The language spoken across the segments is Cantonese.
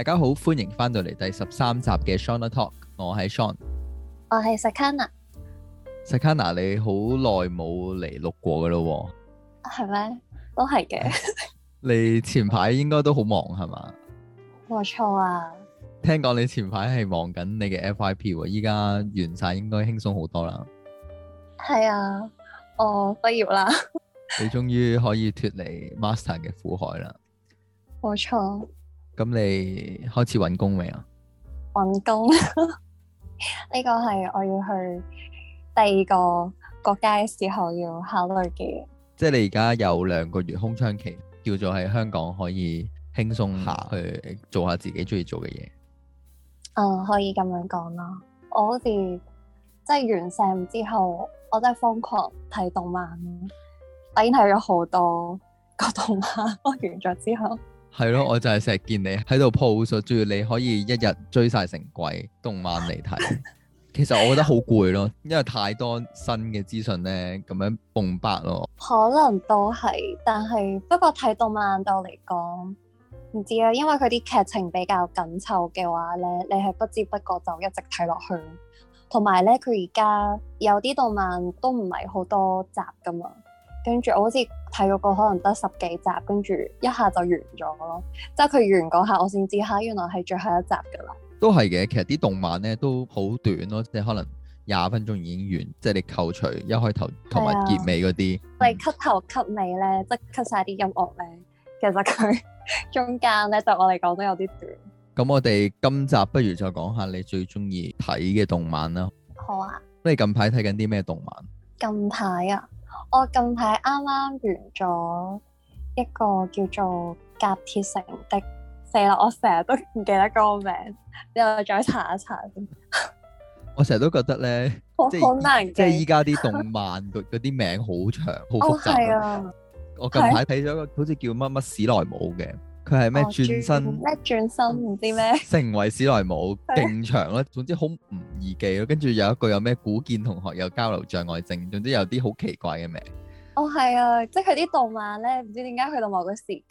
大家好，歡迎翻到嚟第十三集嘅 Shawna Talk。我係 Shawn，我係 Sakana，Sakana 你好耐冇嚟錄過噶咯喎，係咩？都係嘅。 你前排應該都好忙係嘛？冇錯啊。聽講你前排係忙緊你嘅 FYP 喎，依家完晒應該輕鬆好多啦。係啊，我畢業啦。 你終於可以脫離 master 嘅苦海啦。冇錯。咁你開始揾工未啊？揾工呢 個係我要去第二個國家嘅時候要考慮嘅。即係你而家有兩個月空窗期，叫做喺香港可以輕鬆下去做下自己中意做嘅嘢。嗯，可以咁樣講啦。我好似即係完成之後，我真係瘋狂睇動漫，我已經睇咗好多個動漫。我 完咗之後。係咯， 我就係成日見你喺度 post，仲要你可以一日追晒成季動漫嚟睇， 其實我覺得好攰咯，因為太多新嘅資訊咧，咁樣蹦白咯。 可能都係，但係不過睇動漫度嚟講，唔知呀，因為佢啲劇情比較緊湊嘅話咧，你係不知不覺就一直睇落去，同埋咧佢而家有啲動漫都唔係好多集噶嘛。跟住我好似睇嗰個可能得十幾集，跟住一下就完咗咯。即係佢完嗰下，我先知下原來係最後一集噶啦。都係嘅，其實啲動漫咧都好短咯，即係可能廿分鐘已經完。即係你扣除一開頭同埋結尾嗰啲，我哋 cut 頭 cut 尾咧，即係 cut 晒啲音樂咧。其實佢 中間咧，對我嚟講都有啲短。咁我哋今集不如就講下你最中意睇嘅動漫啦。好啊。你近排睇緊啲咩動漫？近排啊。我近排啱啱完咗一個叫做《甲鐵城的四樓》，我成日都唔記得嗰個名，你我再查一查先。 我成日都覺得咧，即係好即難，即係依家啲動漫嗰嗰啲名好長，好 複雜。哦啊、我近排睇咗個好似叫乜乜史萊姆嘅。佢係咩轉身？咩轉身？唔知咩成為史萊姆勁 長咯，總之好唔易記咯。跟住有一個有咩古見同學有交流障礙症，總之有啲好奇怪嘅名。哦，係啊，即係佢啲動漫咧，唔知點解去到某個時期，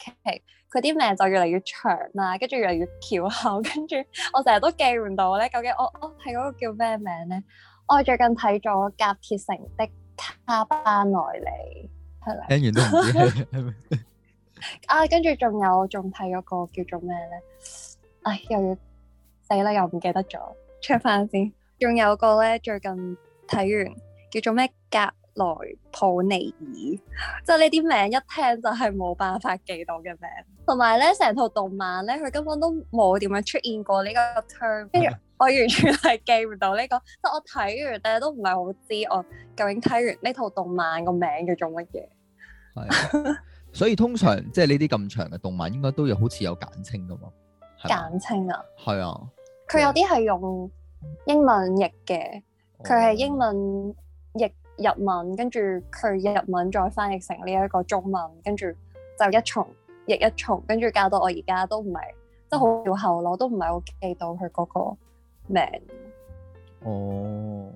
佢啲名就越嚟越長啦，跟住越嚟越翹口。跟住我成日都記唔到咧。究竟我我睇嗰個叫咩名咧？我最近睇咗《甲鐵城的卡巴內里》啊，聽完都唔知。 啊，跟住仲有，仲睇嗰個叫做咩咧？唉、哎，又要死啦，又唔記得咗，check 翻先。仲有個咧，最近睇完叫做咩？格萊普尼爾，即係呢啲名一聽就係冇辦法記到嘅名。同埋咧，成套動漫咧，佢根本都冇點樣出現過呢個 term，跟住我完全係記唔到呢個。即係我睇完，但係都唔係好知我究竟睇完呢套動漫個名叫做乜嘢。係的。 所以通常即係呢啲咁長嘅動漫，應該都有好似有簡稱㗎嘛？簡稱啊？係啊。佢有啲係用英文譯嘅，佢係、嗯、英文譯日文，跟住佢日文再翻譯成呢一個中文，跟住就一重譯一重，跟住教到我而家都唔係，嗯、都好掉後咯，都唔係好記到佢嗰個名。哦。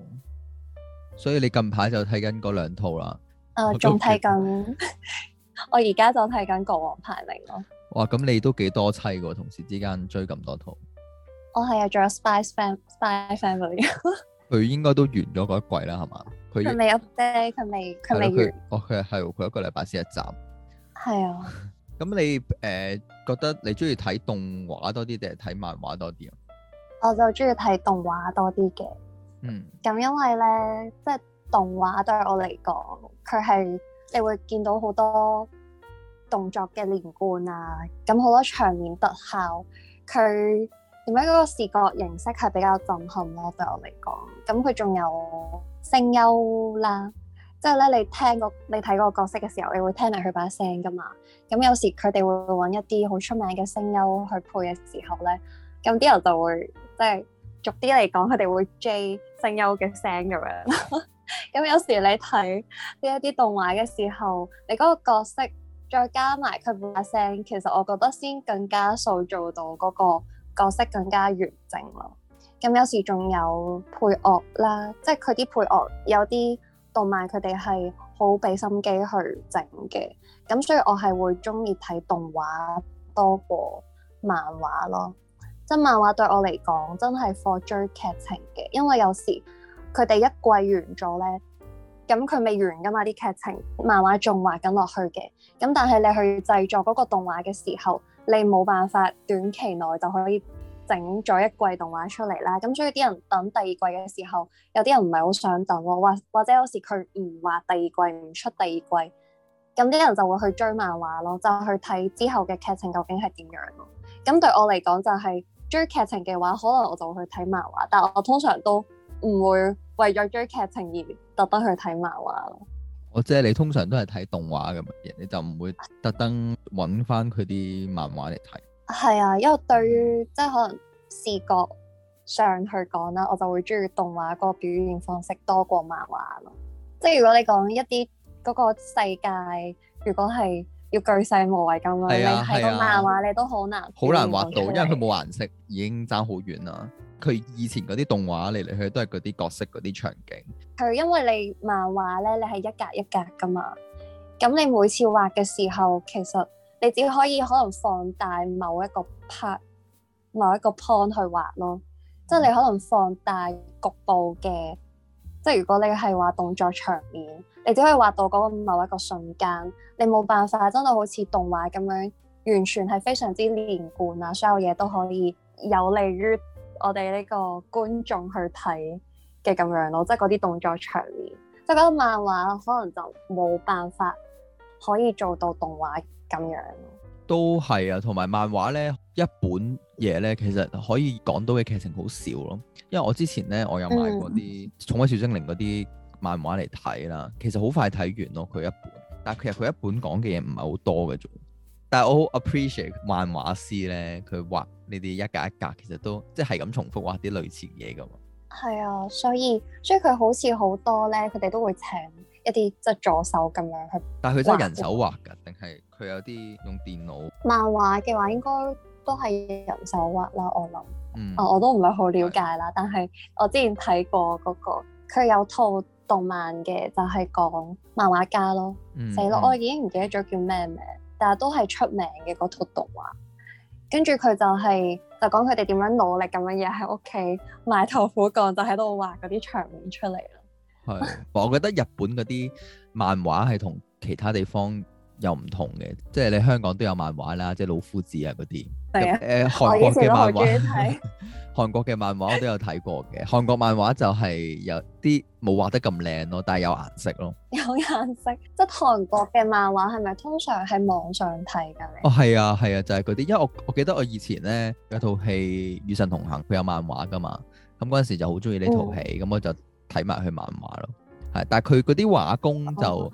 所以你近排就睇緊嗰兩套啦。誒、呃，仲睇緊。 我而家就睇緊《國王排名》咯。哇，咁你都幾多妻嘅，同事之間追咁多套。我係啊，做有 《Spy Family，Spy Family 佢應該都完咗嗰一季啦，係嘛？佢未 update，佢未，佢未完。哦，佢係佢一個禮拜先一集。係啊的。咁 你誒、呃、覺得你中意睇動畫多啲定係睇漫畫多啲啊？我就中意睇動畫多啲嘅。嗯。咁因為咧，即係動畫對我嚟講，佢係。你會見到好多動作嘅連貫啊，咁好多場面特效，佢點解嗰個視覺形式係比較震撼咯。對我嚟講，咁佢仲有聲優啦，即係咧你聽個你睇個角色嘅時候，你會聽埋佢把聲噶嘛？咁有時佢哋會揾一啲好出名嘅聲優去配嘅時候咧，咁啲人就會即係、就是、逐啲嚟講，佢哋會 J 聲優嘅聲咁樣。 咁有時你睇呢一啲動畫嘅時候，你嗰個角色再加埋佢把聲，其實我覺得先更加塑造到嗰個角色更加完整咯。咁有時仲有配樂啦，即係佢啲配樂有啲動漫佢哋係好俾心機去整嘅，咁所以我係會中意睇動畫多過漫畫咯。即漫畫對我嚟講真係 for 追劇情嘅，因為有時。佢哋一季完咗咧，咁佢未完噶嘛？啲劇情漫畫仲畫緊落去嘅。咁但係你去製作嗰個動畫嘅時候，你冇辦法短期內就可以整咗一季動畫出嚟啦。咁所以啲人等第二季嘅時候，有啲人唔係好想等咯，或或者有時佢唔畫第二季，唔出第二季，咁啲人就會去追漫畫咯，就去睇之後嘅劇情究竟係點樣咯。咁對我嚟講就係、是、追劇情嘅話，可能我就會去睇漫畫，但我通常都。唔會為咗追劇情而特登去睇漫畫咯。我即係你通常都係睇動畫咁嘅嘢，你就唔會特登揾翻佢啲漫畫嚟睇。係啊，因為對於即係可能視覺上去講啦，我就會中意動畫個表現方式多過漫畫咯。即係如果你講一啲嗰、嗰個世界，如果係要巨細無遺咁樣，啊啊、你睇個漫畫你都好難，好、啊、難畫到，因為佢冇顏色，已經爭好遠啦。佢以前嗰啲動畫嚟嚟去去都係嗰啲角色、嗰啲場景。係因為你漫畫咧，你係一格一格噶嘛，咁你每次畫嘅時候，其實你只可以可能放大某一個 part、某一個 point 去畫咯，即係你可能放大局部嘅，即係如果你係畫動作場面，你只可以畫到嗰個某一個瞬間，你冇辦法真係好似動畫咁樣完全係非常之連貫啊，所有嘢都可以有利於。我哋呢個觀眾去睇嘅咁樣咯，即係嗰啲動作場面，即係嗰啲漫畫可能就冇辦法可以做到動畫咁樣。都係啊，同埋漫畫咧一本嘢咧，其實可以講到嘅劇情好少咯。因為我之前咧，我有買過啲嗯，《寵物小精靈》嗰啲漫畫嚟睇啦，其實好快睇完咯，佢一本。但係其實佢一本講嘅嘢唔係好多嘅啫。但係我好 appreciate 漫畫師咧，佢畫呢啲一格一格，其實都即係咁重複畫啲類似嘢噶嘛。係啊，所以所以佢好似好多咧，佢哋都會請一啲即係助手咁樣去。但係佢真係人手畫噶，定係佢有啲用電腦？漫畫嘅話應該都係人手畫啦，我諗。啊、嗯，oh，我都唔係好了解啦，的但係我之前睇過嗰、那個，佢有套動漫嘅，就係講漫畫家咯，死咯，我已經唔記得咗叫咩名。但都係出名嘅嗰套動畫，跟住佢就係、是、就講佢哋點樣努力咁樣嘢喺屋企埋頭苦幹，就喺度畫嗰啲場面出嚟咯。係的， 我覺得日本嗰啲漫畫係同其他地方。又唔同嘅，即係你香港都有漫畫啦，即係老夫子啊嗰啲。係啊。誒、呃，韓國嘅漫畫， 韓國嘅漫畫我都有睇過嘅。 韓國漫畫就係有啲冇畫得咁靚咯，但係有顏色咯。有顏色，即係韓國嘅漫畫係咪通常喺網上睇㗎？ 哦，係啊，係啊，啊，就係嗰啲，因為我我記得我以前咧有套戲《與神同行》，佢有漫畫㗎嘛。咁嗰陣時就好中意呢套戲，咁我就睇埋佢漫畫咯。係、嗯嗯嗯嗯，但係佢嗰啲畫工就。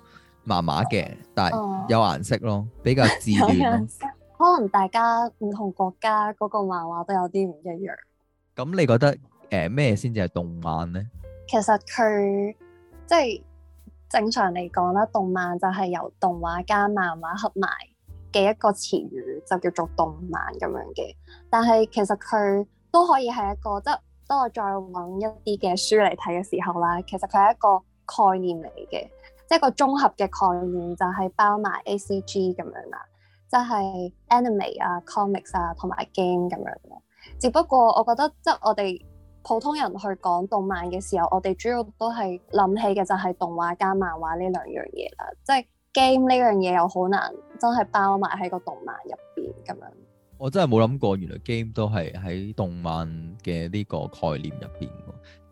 麻麻嘅，但係有顏色咯，比較自然 可能大家唔同國家嗰個漫畫都有啲唔一樣。咁、嗯、你覺得誒咩先至係動漫呢？其實佢即係正常嚟講啦，動漫就係由動畫加漫畫合埋嘅一個詞語，就叫做動漫咁樣嘅。但係其實佢都可以係一個，即當我再揾一啲嘅書嚟睇嘅時候啦，其實佢係一個概念嚟嘅。即係個綜合嘅概念就係包埋 A C G 咁樣啦，即係 anime 啊、comics 啊同埋 game 咁樣咯。只不過我覺得即係我哋普通人去講動漫嘅時候，我哋主要都係諗起嘅就係動畫加漫畫呢兩樣嘢啦。即係 game 呢樣嘢又好難真係包埋喺個動漫入邊咁樣。我真係冇諗過，原來 game 都係喺動漫嘅呢個概念入邊。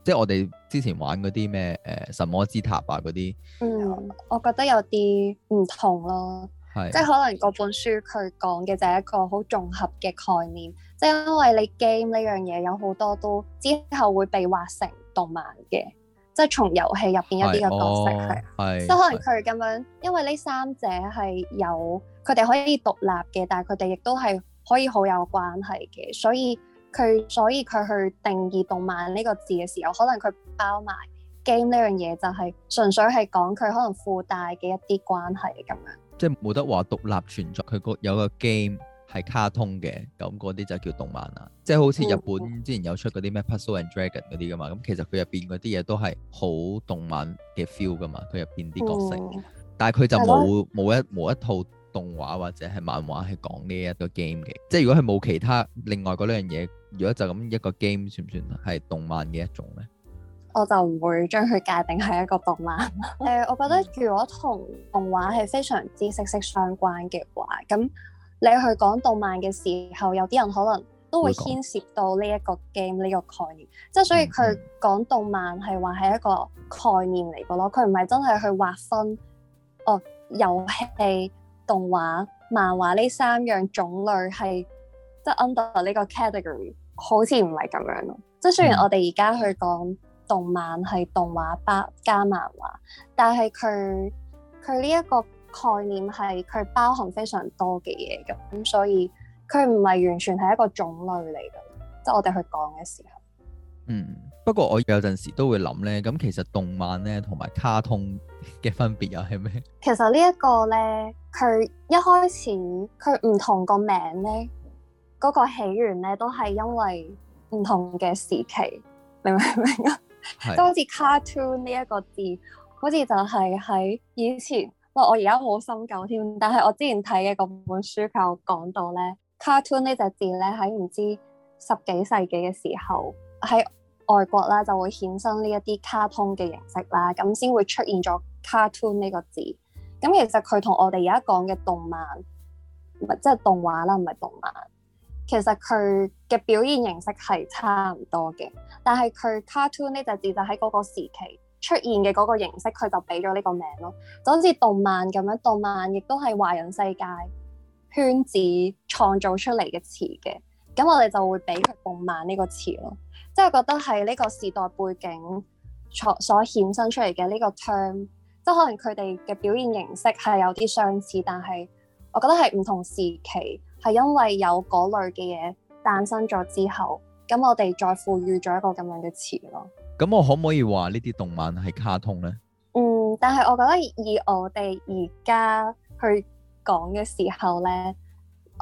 即係我哋之前玩嗰啲咩誒神魔之塔啊嗰啲，嗯，我覺得有啲唔同咯，係、啊、即係可能嗰本書佢講嘅就係一個好綜合嘅概念，即係因為你 game 呢樣嘢有好多都之後會被畫成動漫嘅，即係從遊戲入邊一啲嘅角色係，即係可能佢咁樣，因為呢三者係有佢哋可以獨立嘅，但係佢哋亦都係可以好有關係嘅，所以。佢所以佢去定義動漫呢個字嘅時候，可能佢包埋 game 呢樣嘢，就係純粹係講佢可能附帶嘅一啲關係咁樣。即係冇得話獨立存在，佢個有個 game 係卡通嘅，咁嗰啲就叫動漫啦。即係好似日本之前有出嗰啲咩《Puzzle and Dragon》嗰啲噶嘛，咁、嗯、其實佢入邊嗰啲嘢都係好動漫嘅 feel 噶嘛，佢入邊啲角色，嗯、但係佢就冇冇、嗯、一冇一套。動畫或者係漫畫係講呢一個 game 嘅，即係如果佢冇其他另外嗰兩樣嘢，如果就咁一個 game 算唔算係動漫嘅一種呢，我就唔會將佢界定係一個動漫。誒、 呃，我覺得如果同動畫係非常之息息相關嘅話，咁你去講動漫嘅時候，有啲人可能都會牽涉到呢一個 game 呢個概念。即係所以佢講動漫係話係一個概念嚟嘅咯，佢唔係真係去劃分哦遊戲。動畫、漫畫呢三樣種，種類係即係 under 呢個 category，好似唔係咁樣咯。即雖然我哋而家去講動漫係動畫包加漫畫，但係佢佢呢一個概念係佢包含非常多嘅嘢咁，所以佢唔係完全係一個種類嚟㗎。即我哋去講嘅時候，嗯，不過我有陣時都會諗咧，咁其實動漫咧同埋卡通。嘅分別又係咩？其實呢一個咧，佢一開始佢唔同個名咧，嗰、嗰個起源咧都係因為唔同嘅時期，明唔明啊？都係 好似 cartoon 呢一個字，好似就係喺以前，哇！我而家好深究添，但係我之前睇嘅嗰本書就講到咧，cartoon 呢隻 Cart 字咧喺唔知十幾世紀嘅時候係，外國啦就會衍生呢一啲卡通嘅形式啦，咁先會出現咗卡通呢個字。咁其實佢同我哋而家講嘅動漫，唔係、即係、就係、動畫啦，唔係動漫。其實佢嘅表現形式係差唔多嘅，但係佢卡通呢隻字就喺嗰個時期出現嘅嗰個形式，佢就俾咗呢個名咯。就好似動漫咁樣，動漫亦都係華人世界圈子創造出嚟嘅詞嘅。咁我哋就會俾佢動漫呢個詞咯，即係覺得係呢個時代背景所所衍生出嚟嘅呢個 term，即係可能佢哋嘅表現形式係有啲相似，但係我覺得係唔同時期，係因為有嗰類嘅嘢誕生咗之後，咁我哋再賦予咗一個咁樣嘅詞咯。咁我可唔可以話呢啲動漫係卡通咧？嗯，但係我覺得以我哋而家去講嘅時候咧。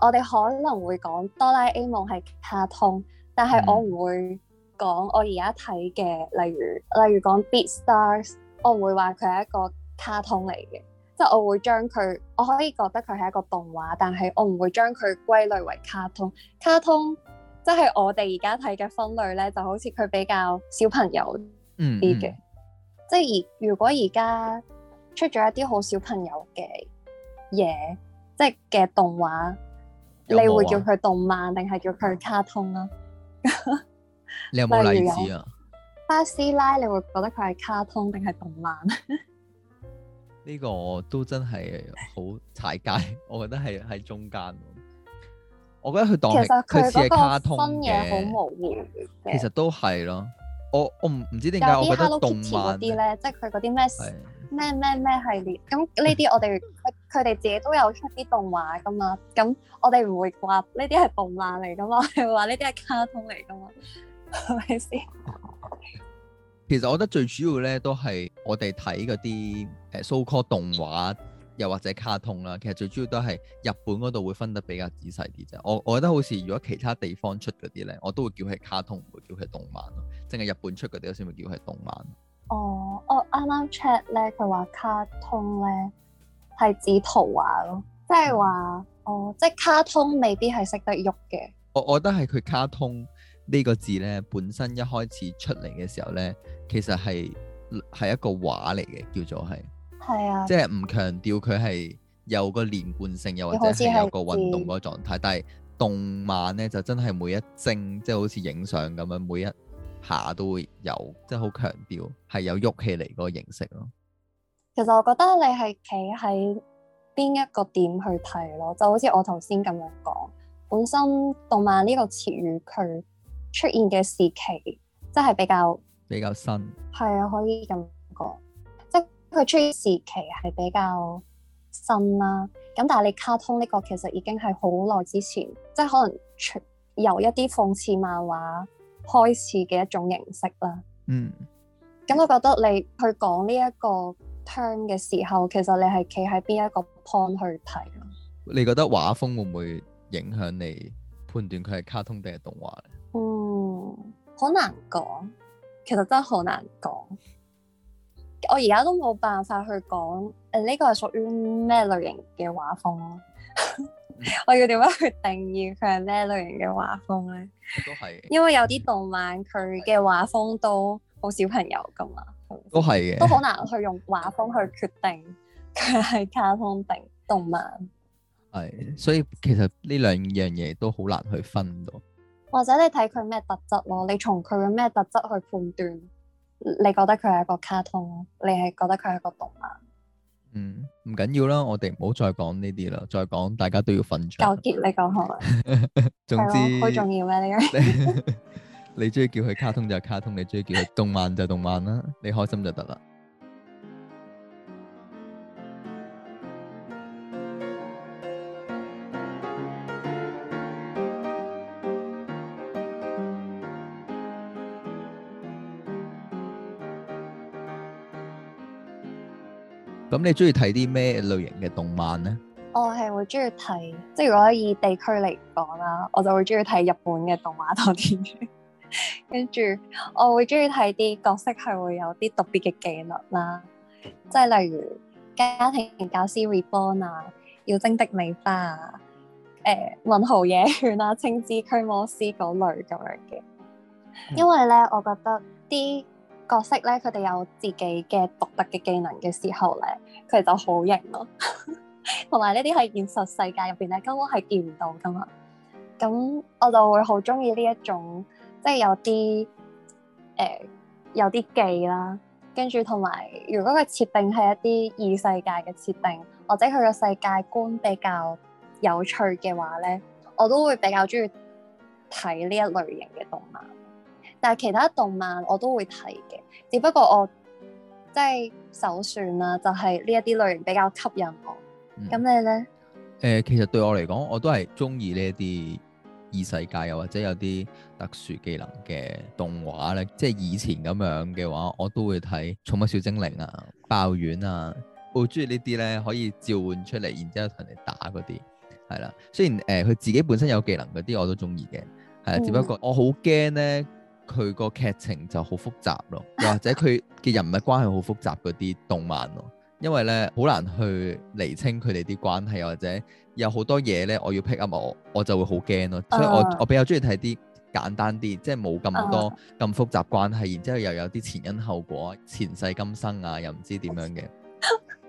我哋可能會講哆啦 A 夢係卡通，但係我唔會講我而家睇嘅，例如例如講《Beastars》，我唔會話佢係一個卡通嚟嘅，即係我會將佢我可以覺得佢係一個動畫，但係我唔會將佢歸類為卡通。卡通即係、就是、我哋而家睇嘅分類咧，就好似佢比較小朋友嗯啲、嗯、嘅，即係而如果而家出咗一啲好小朋友嘅嘢，即係嘅動畫。有有啊、你會叫佢動漫定係叫佢卡通啊？ 你有冇例子啊？巴斯拉你會覺得佢係卡通定係動漫？呢 呢個都真係好踩界，我覺得係喺中間。我覺得佢其實佢嗰個分野好模糊。其實都係咯，我我唔唔知點解我覺得動漫嗰啲咧，的即係佢嗰啲咩？咩咩咩系列，咁呢啲我哋佢哋自己都有出啲動畫噶嘛，咁我哋唔會話呢啲係動漫嚟噶嘛，係話呢啲係卡通嚟噶嘛，係咪先？其實我覺得最主要咧，都係我哋睇嗰啲誒 so called 動畫，又或者卡通啦。其實最主要都係日本嗰度會分得比較仔細啲啫。我我覺得好似如果其他地方出嗰啲咧，我都會叫佢係卡通，唔會叫佢係動漫咯。淨係日本出嗰啲先會叫係動漫。哦，我啱啱 check 咧，佢話卡通咧係指圖畫咯，即係話哦，oh, 即係卡通未必係識得喐嘅。我我覺得係佢卡通呢個字咧，本身一開始出嚟嘅時候咧，其實係係一個畫嚟嘅，叫做係，係啊，即係唔強調佢係有個連貫性，又或者係有個運動個狀態，是但係動漫咧就真係每一幀即係、就是、好似影相咁樣每一。下都會有，即係好強調係有喐起嚟嗰個形式咯。其實我覺得你係企喺邊一個點去睇咯，就好似我頭先咁樣講，本身動漫呢個詞語佢出現嘅時期，即係比較比較新，係啊，可以咁講，即係佢出現時期係比較新啦、啊。咁但係你卡通呢個其實已經係好耐之前，即係可能出由一啲諷刺漫畫，開始嘅一種形式啦。嗯，咁、嗯嗯、我覺得你去講呢一個 term 嘅時候，其實你係企喺邊一個 point 去睇咯。你覺得畫風會唔會影響你判斷佢係卡通定係動畫咧？嗯，好難講，其實真係好難講。我而家都冇辦法去講，誒、呃、呢、呢個係屬於咩類型嘅畫風咯、啊。 我要點樣去定義佢係咩類型嘅畫風咧？都係，因為有啲動漫佢嘅畫風都好小朋友噶嘛，都係嘅，都好難去用畫風去決定佢係卡通定動漫。係，所以其實呢兩樣嘢都好難去分到。或者你睇佢咩特質咯，你從佢嘅咩特質去判斷，你覺得佢係一個卡通，你係覺得佢係一個動漫？嗯，唔緊要啦，我哋唔好再講呢啲啦，再講大家都要瞓着。糾結，你講好， 總之好、啊、重要咩、啊？ 你你中意叫佢卡通就係卡通， 你中意叫佢動漫就係動漫啦， 你開心就得啦。咁你中意睇啲咩類型嘅動漫呢？我係會中意睇，即係如果以地區嚟講啦，我就會中意睇日本嘅動畫多啲。跟 住我會中意睇啲角色係會有啲特別嘅技能啦，即係例如家庭教師 Reborn 啊，妖精的尾巴啊，誒、呃，文豪野犬啊，青之驅魔師嗰類咁樣嘅。嗯、因為咧，我覺得啲。角色咧，佢哋有自己嘅獨特嘅技能嘅時候咧，佢哋就好型咯。同埋呢啲係現實世界入邊咧，根本係見唔到噶嘛。咁我就會好中意呢一種，即係有啲誒、呃、有啲技啦，跟住同埋如果佢設定係一啲異世界嘅設定，或者佢個世界觀比較有趣嘅話咧，我都會比較中意睇呢一類型嘅動漫。但係其他動漫我都會睇嘅，只不過我即係首選啦，啊，就係呢一啲類型比較吸引我。咁，嗯、你咧？誒、呃，其實對我嚟講，我都係中意呢一啲異世界又或者有啲特殊技能嘅動畫咧。即係以前咁樣嘅話，我都會睇《寵物小精靈》啊，《爆丸》啊，好中意呢啲咧，可以召喚出嚟，然之後同人打嗰啲，係啦。雖然誒，佢，呃、自己本身有技能嗰啲，我都中意嘅。係啊，嗯，只不過我好驚咧。佢個劇情就好複雜咯，或者佢嘅人物關係好複雜嗰啲動漫咯，因為咧好難去釐清佢哋啲關係，或者有好多嘢咧，我要 pick up 我我就會好驚咯，所以我我比較中意睇啲簡單啲，即係冇咁多咁複雜關係，然之後又有啲前因後果、前世今生啊，又唔知點樣嘅，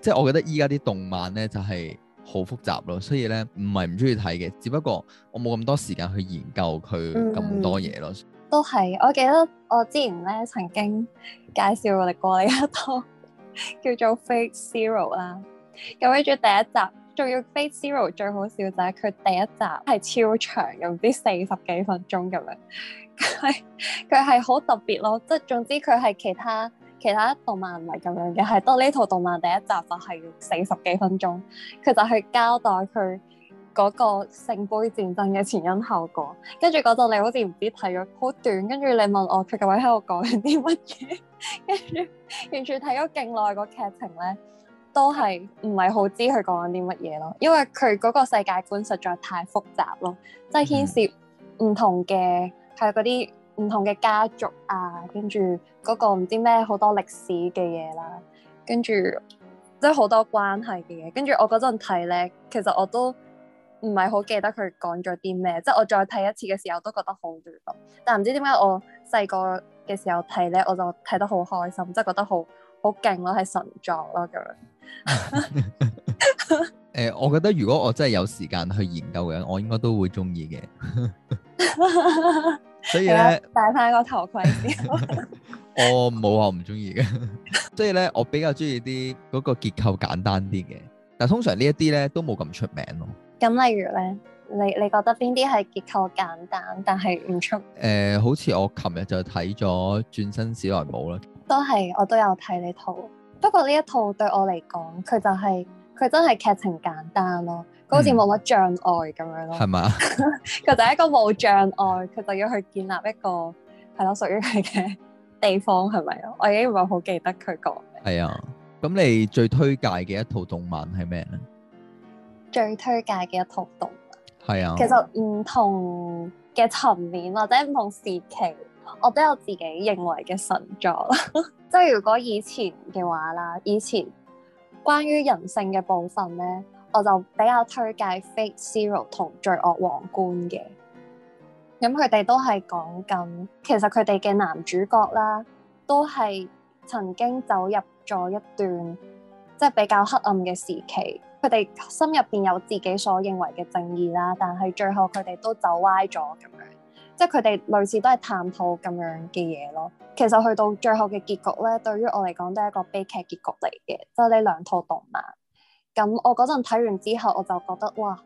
即係我覺得依家啲動漫咧就係好複雜咯，所以咧唔係唔中意睇嘅，只不過我冇咁多時間去研究佢咁多嘢咯。嗯都係，我記得我之前咧曾經介紹過你一套叫做《Fate Zero》啦。咁跟住第一集仲要《Fate Zero》最好笑就係佢第一集係超長，唔知四十幾分鐘咁樣。佢佢係好特別咯，即係總之佢係其他其他動漫唔係咁樣嘅，係得呢套動漫第一集就係要四十幾分鐘，佢就去交代佢。嗰個聖杯戰爭嘅前因後果，跟住嗰陣你好似唔知睇咗好短，跟住你問我佢個位喺度講緊啲乜嘢，跟住完全睇咗勁耐個劇情咧，都係唔係好知佢講緊啲乜嘢咯。因為佢嗰個世界觀實在太複雜咯，即係牽涉唔同嘅係嗰啲唔同嘅家族啊，跟住嗰個唔知咩好多歷史嘅嘢啦，跟住即係好多關係嘅嘢，跟住我嗰陣睇咧，其實我都～唔係好記得佢講咗啲咩，即係我再睇一次嘅時候都覺得好亂，但係唔知點解我細個嘅時候睇咧，我就睇得好開心，即係覺得好好勁咯，係神作咯咁樣。誒 呃，我覺得如果我真係有時間去研究嘅，我應該都會中意嘅。 所以咧， 戴翻個頭盔先 我冇我唔中意嘅，即 係咧我比較中意啲嗰個結構簡單啲嘅，但通常呢一啲咧都冇咁出名咯。咁例如咧，你你覺得邊啲係結構簡單但係唔出？誒、呃，好似我琴日就睇咗《轉生史萊姆》啦，都係我都有睇呢套。不過呢一套對我嚟講，佢就係、是、佢真係劇情簡單咯，好似冇乜障礙咁樣咯。係嘛、嗯？佢 就係一個冇障礙，佢就要去建立一個係咯、啊、屬於佢嘅地方，係咪啊？我已經唔係好記得佢講。係啊，咁你最推介嘅一套動漫係咩咧？最推介嘅一套動漫係啊，的其實唔同嘅層面或者唔同時期，我都有自己認為嘅神作。即 係如果以前嘅話啦，以前關於人性嘅部分咧，我就比較推介《Fate Zero》同《罪惡王冠》嘅。咁佢哋都係講緊，其實佢哋嘅男主角啦，都係曾經走入咗一段即係、就是、比較黑暗嘅時期。佢哋心入邊有自己所認為嘅正義啦，但係最後佢哋都走歪咗咁樣，即係佢哋類似都係探討咁樣嘅嘢咯。其實去到最後嘅結局咧，對於我嚟講都係一個悲劇結局嚟嘅。都係呢兩套動漫，咁我嗰陣睇完之後，我就覺得哇，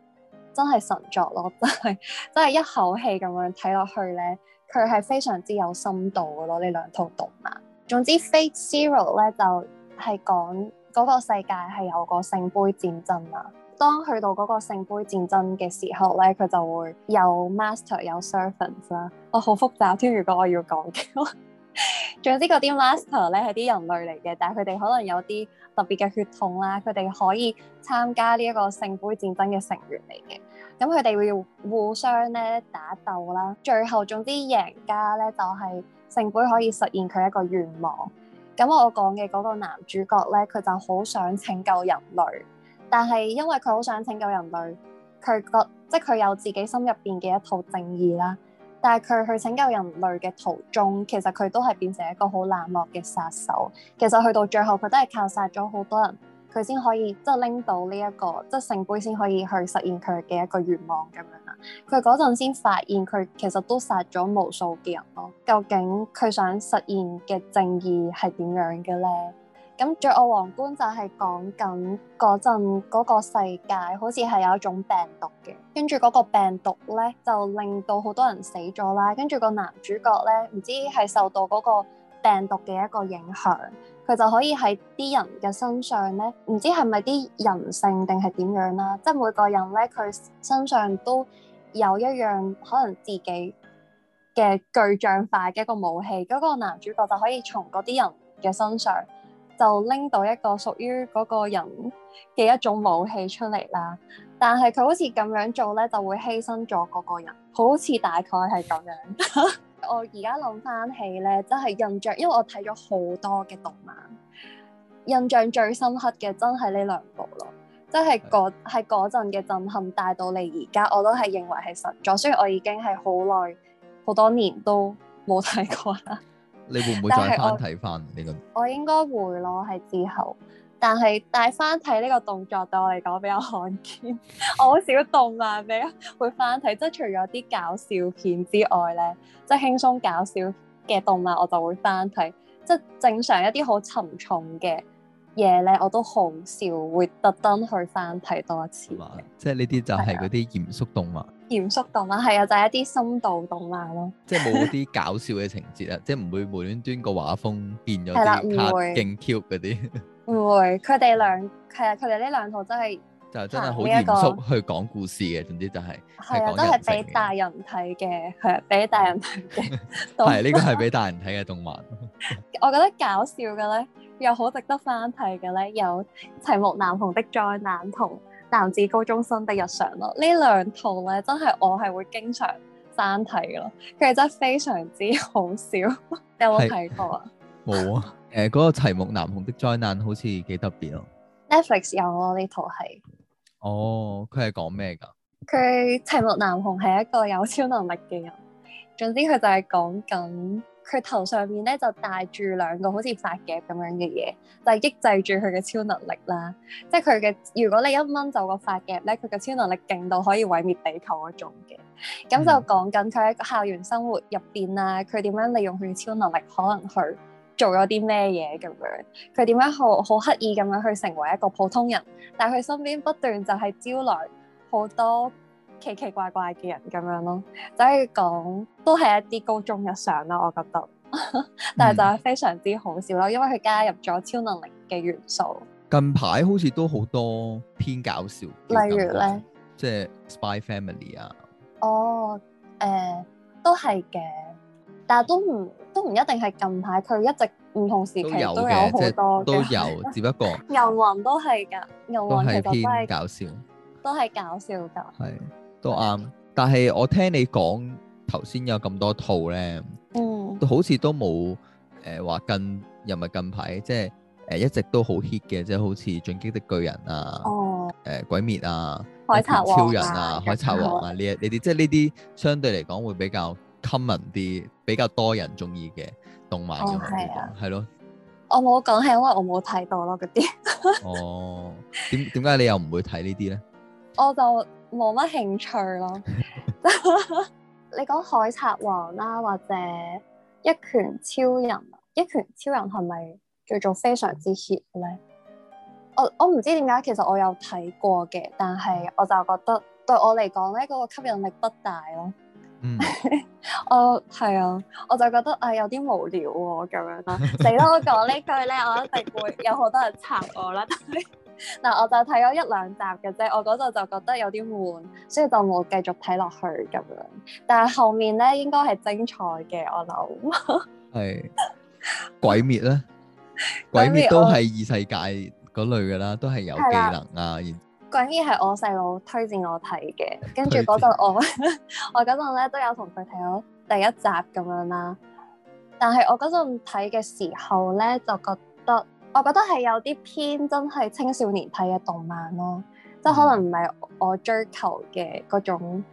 真係神作咯！真係真係一口氣咁樣睇落去咧，佢係非常之有深度嘅咯。呢兩套動漫，總之《Fate Zero》咧就係講。嗰個世界係有個聖杯戰爭啊！當去到嗰個聖杯戰爭嘅時候咧，佢就會有 Master 有 Servants 啦。哇、哦，好複雜添！如果我要講嘅，總之嗰啲 Master 咧係啲人類嚟嘅，但係佢哋可能有啲特別嘅血統啦，佢哋可以參加呢一個聖杯戰爭嘅成員嚟嘅。咁佢哋會互相咧打鬥啦，最後總之贏家咧就係聖杯可以實現佢一個願望。咁、嗯、我講嘅嗰個男主角咧，佢就好想拯救人類，但係因為佢好想拯救人類，佢覺即係佢有自己心入邊嘅一套正義啦。但係佢去拯救人類嘅途中，其實佢都係變成一個好冷漠嘅殺手。其實去到最後，佢都係靠殺咗好多人。佢先可以即係拎到呢一個，即係聖杯，先可以去實現佢嘅一個願望咁樣啦。佢嗰陣先發現，佢其實都殺咗無數嘅人咯。究竟佢想實現嘅正義係點樣嘅咧？咁《罪惡王冠》就係講緊嗰陣嗰個世界好似係有一種病毒嘅，跟住嗰個病毒咧就令到好多人死咗啦。跟住個男主角咧唔知係受到嗰個病毒嘅一個影響。佢就可以喺啲人嘅身上咧，唔知係咪啲人性定係點樣啦？即係每個人咧，佢身上都有一樣可能自己嘅具象化嘅一個武器。嗰個男主角就可以從嗰啲人嘅身上就拎到一個屬於嗰個人嘅一種武器出嚟啦。但係佢好似咁樣做咧，就會犧牲咗嗰個人，好似大概係咁樣。 我而家諗翻起咧，真係印象，因為我睇咗好多嘅動漫，印象最深刻嘅真係呢兩部咯，真係嗰係嗰陣嘅震撼，帶到嚟而家，我都係認為係實咗，雖然我已經係好耐好多年都冇睇過啦。你會唔會再翻睇翻呢個？我應該會咯，係之後。但係翻睇呢個動作對我嚟講比較罕見，我好少動漫，俾啊會翻睇，即係除咗啲搞笑片之外咧，即係輕鬆搞笑嘅動漫，我就會翻睇，即係正常一啲好沉重嘅嘢咧，我都好少會特登去翻睇多一次，即係呢啲就係嗰啲嚴肅動漫。嚴肅動漫係啊，就係一啲深度動漫咯，即係冇啲搞笑嘅情節啊， 即係唔會無端端個畫風變咗啲卡勁 Q 嗰啲。唔會，佢哋兩係啊，佢哋呢兩套真係真真係好嚴肅去講故事嘅，總之就係係啊，的都係俾大人睇嘅，係俾大人睇嘅。係呢個係俾大人睇嘅動漫。 動漫 我覺得搞笑嘅咧，又好值得翻睇嘅咧，有齊木楠楠《齊木楠雄的災難》同。男子高中生的日常咯，兩呢兩套咧真係我係會經常生睇嘅咯，佢哋真係非常之好笑。 你有冇睇過啊？冇 啊。誒、呃，嗰、那個齊木楠雄的災難好似幾特別咯、啊。Netflix 有咯，呢套戲。哦，佢係講咩噶？佢齊木楠雄係一個有超能力嘅人，總之佢就係講緊。佢頭上面咧就戴住兩個好似發夾咁樣嘅嘢，就係抑制住佢嘅超能力啦。即係佢嘅，如果你一掹走個發夾咧，佢嘅超能力勁到可以毀滅地球嗰種嘅。咁就講緊佢喺校園生活入邊啊，佢點樣利用佢嘅超能力可能去做咗啲咩嘢咁樣，佢點樣好好刻意咁樣去成為一個普通人，但係佢身邊不斷就係招來好多奇奇怪怪嘅人咁樣咯，就係講都係一啲高中日常啦，我覺得， 但係就係非常之好笑咯，因為佢加入咗超能力嘅元素。近排好似都好多偏搞笑。例如咧，即係 Spy Family 啊。哦，誒、呃，都係嘅，但係都唔都唔一定係近排，佢一直唔同時期都有好多都有， 只不過。 銀魂都係㗎，銀魂都係偏搞笑，都係搞笑㗎，係。都啱，但係我聽你講頭先有咁多套咧，都好似都冇誒話近又唔係近排，即係誒一直都好 hit 嘅，即係好似進擊的巨人啊，誒鬼滅啊，海超人啊，海賊王啊，呢一呢啲即係呢啲相對嚟講會比較 common 啲，比較多人中意嘅動漫嘅係咯，我冇講係因為我冇睇到咯嗰啲。哦，點點解你又唔會睇呢啲咧？我就。冇乜興趣咯。 你講海賊王啦、啊，或者一拳超人，一拳超人係咪叫做非常之 hit 咧？我我唔知點解，其實我有睇過嘅，但係我就覺得對我嚟講咧，嗰、那個吸引力不大咯。 嗯，我係、 哦、啊，我就覺得誒、哎、有啲無聊喎、啊、咁樣。死啦 我講呢句咧，我一定會有好多人插我啦。但嗱，我就睇咗一兩集嘅啫，我嗰陣就覺得有啲悶，所以就冇繼續睇落去咁樣。但係後面咧，應該係精彩嘅，我諗。係鬼滅咧，鬼滅 都係異世界嗰類噶啦，都係有技能啊。鬼滅係我細佬推薦我睇嘅，薦跟住嗰陣我我嗰陣咧都有同佢睇咗第一集咁樣啦。但係我嗰陣睇嘅時候咧，就覺。我覺得係有啲偏真係青少年睇嘅動漫咯，即係可能唔係我追求嘅嗰種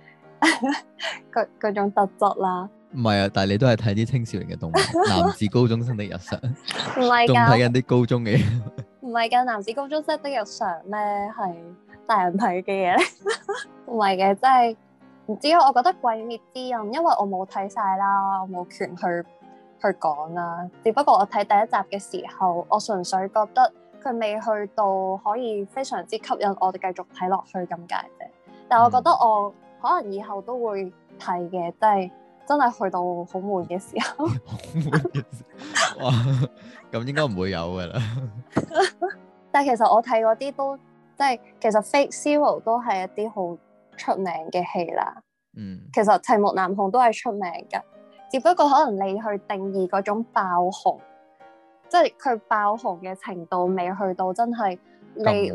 嗰、嗯、 種特質啦。唔係啊，但係你都係睇啲青少年嘅動漫，《男子高中生的日常》。唔係㗎。仲睇緊啲高中嘅嘢。唔係㗎，《男子高中生的日常》咧係大人睇嘅嘢。唔係嘅，即係唔知啊。我覺得《鬼滅之刃》，因為我冇睇晒啦，我冇權去，去講啦，只不過我睇第一集嘅時候，我純粹覺得佢未去到可以非常之吸引我哋繼續睇落去咁解啫。但係我覺得我可能以後都會睇嘅，都係真係去到好悶嘅時候。好悶嘅。咁應該唔會有噶啦。但係其實我睇嗰啲都即係其實《Fate Zero》都係一啲好出名嘅戲啦。嗯。其實《齊木楠雄》都係出名㗎。嗯只不過可能你去定義嗰種爆紅，即係佢爆紅嘅程度未去到真係你你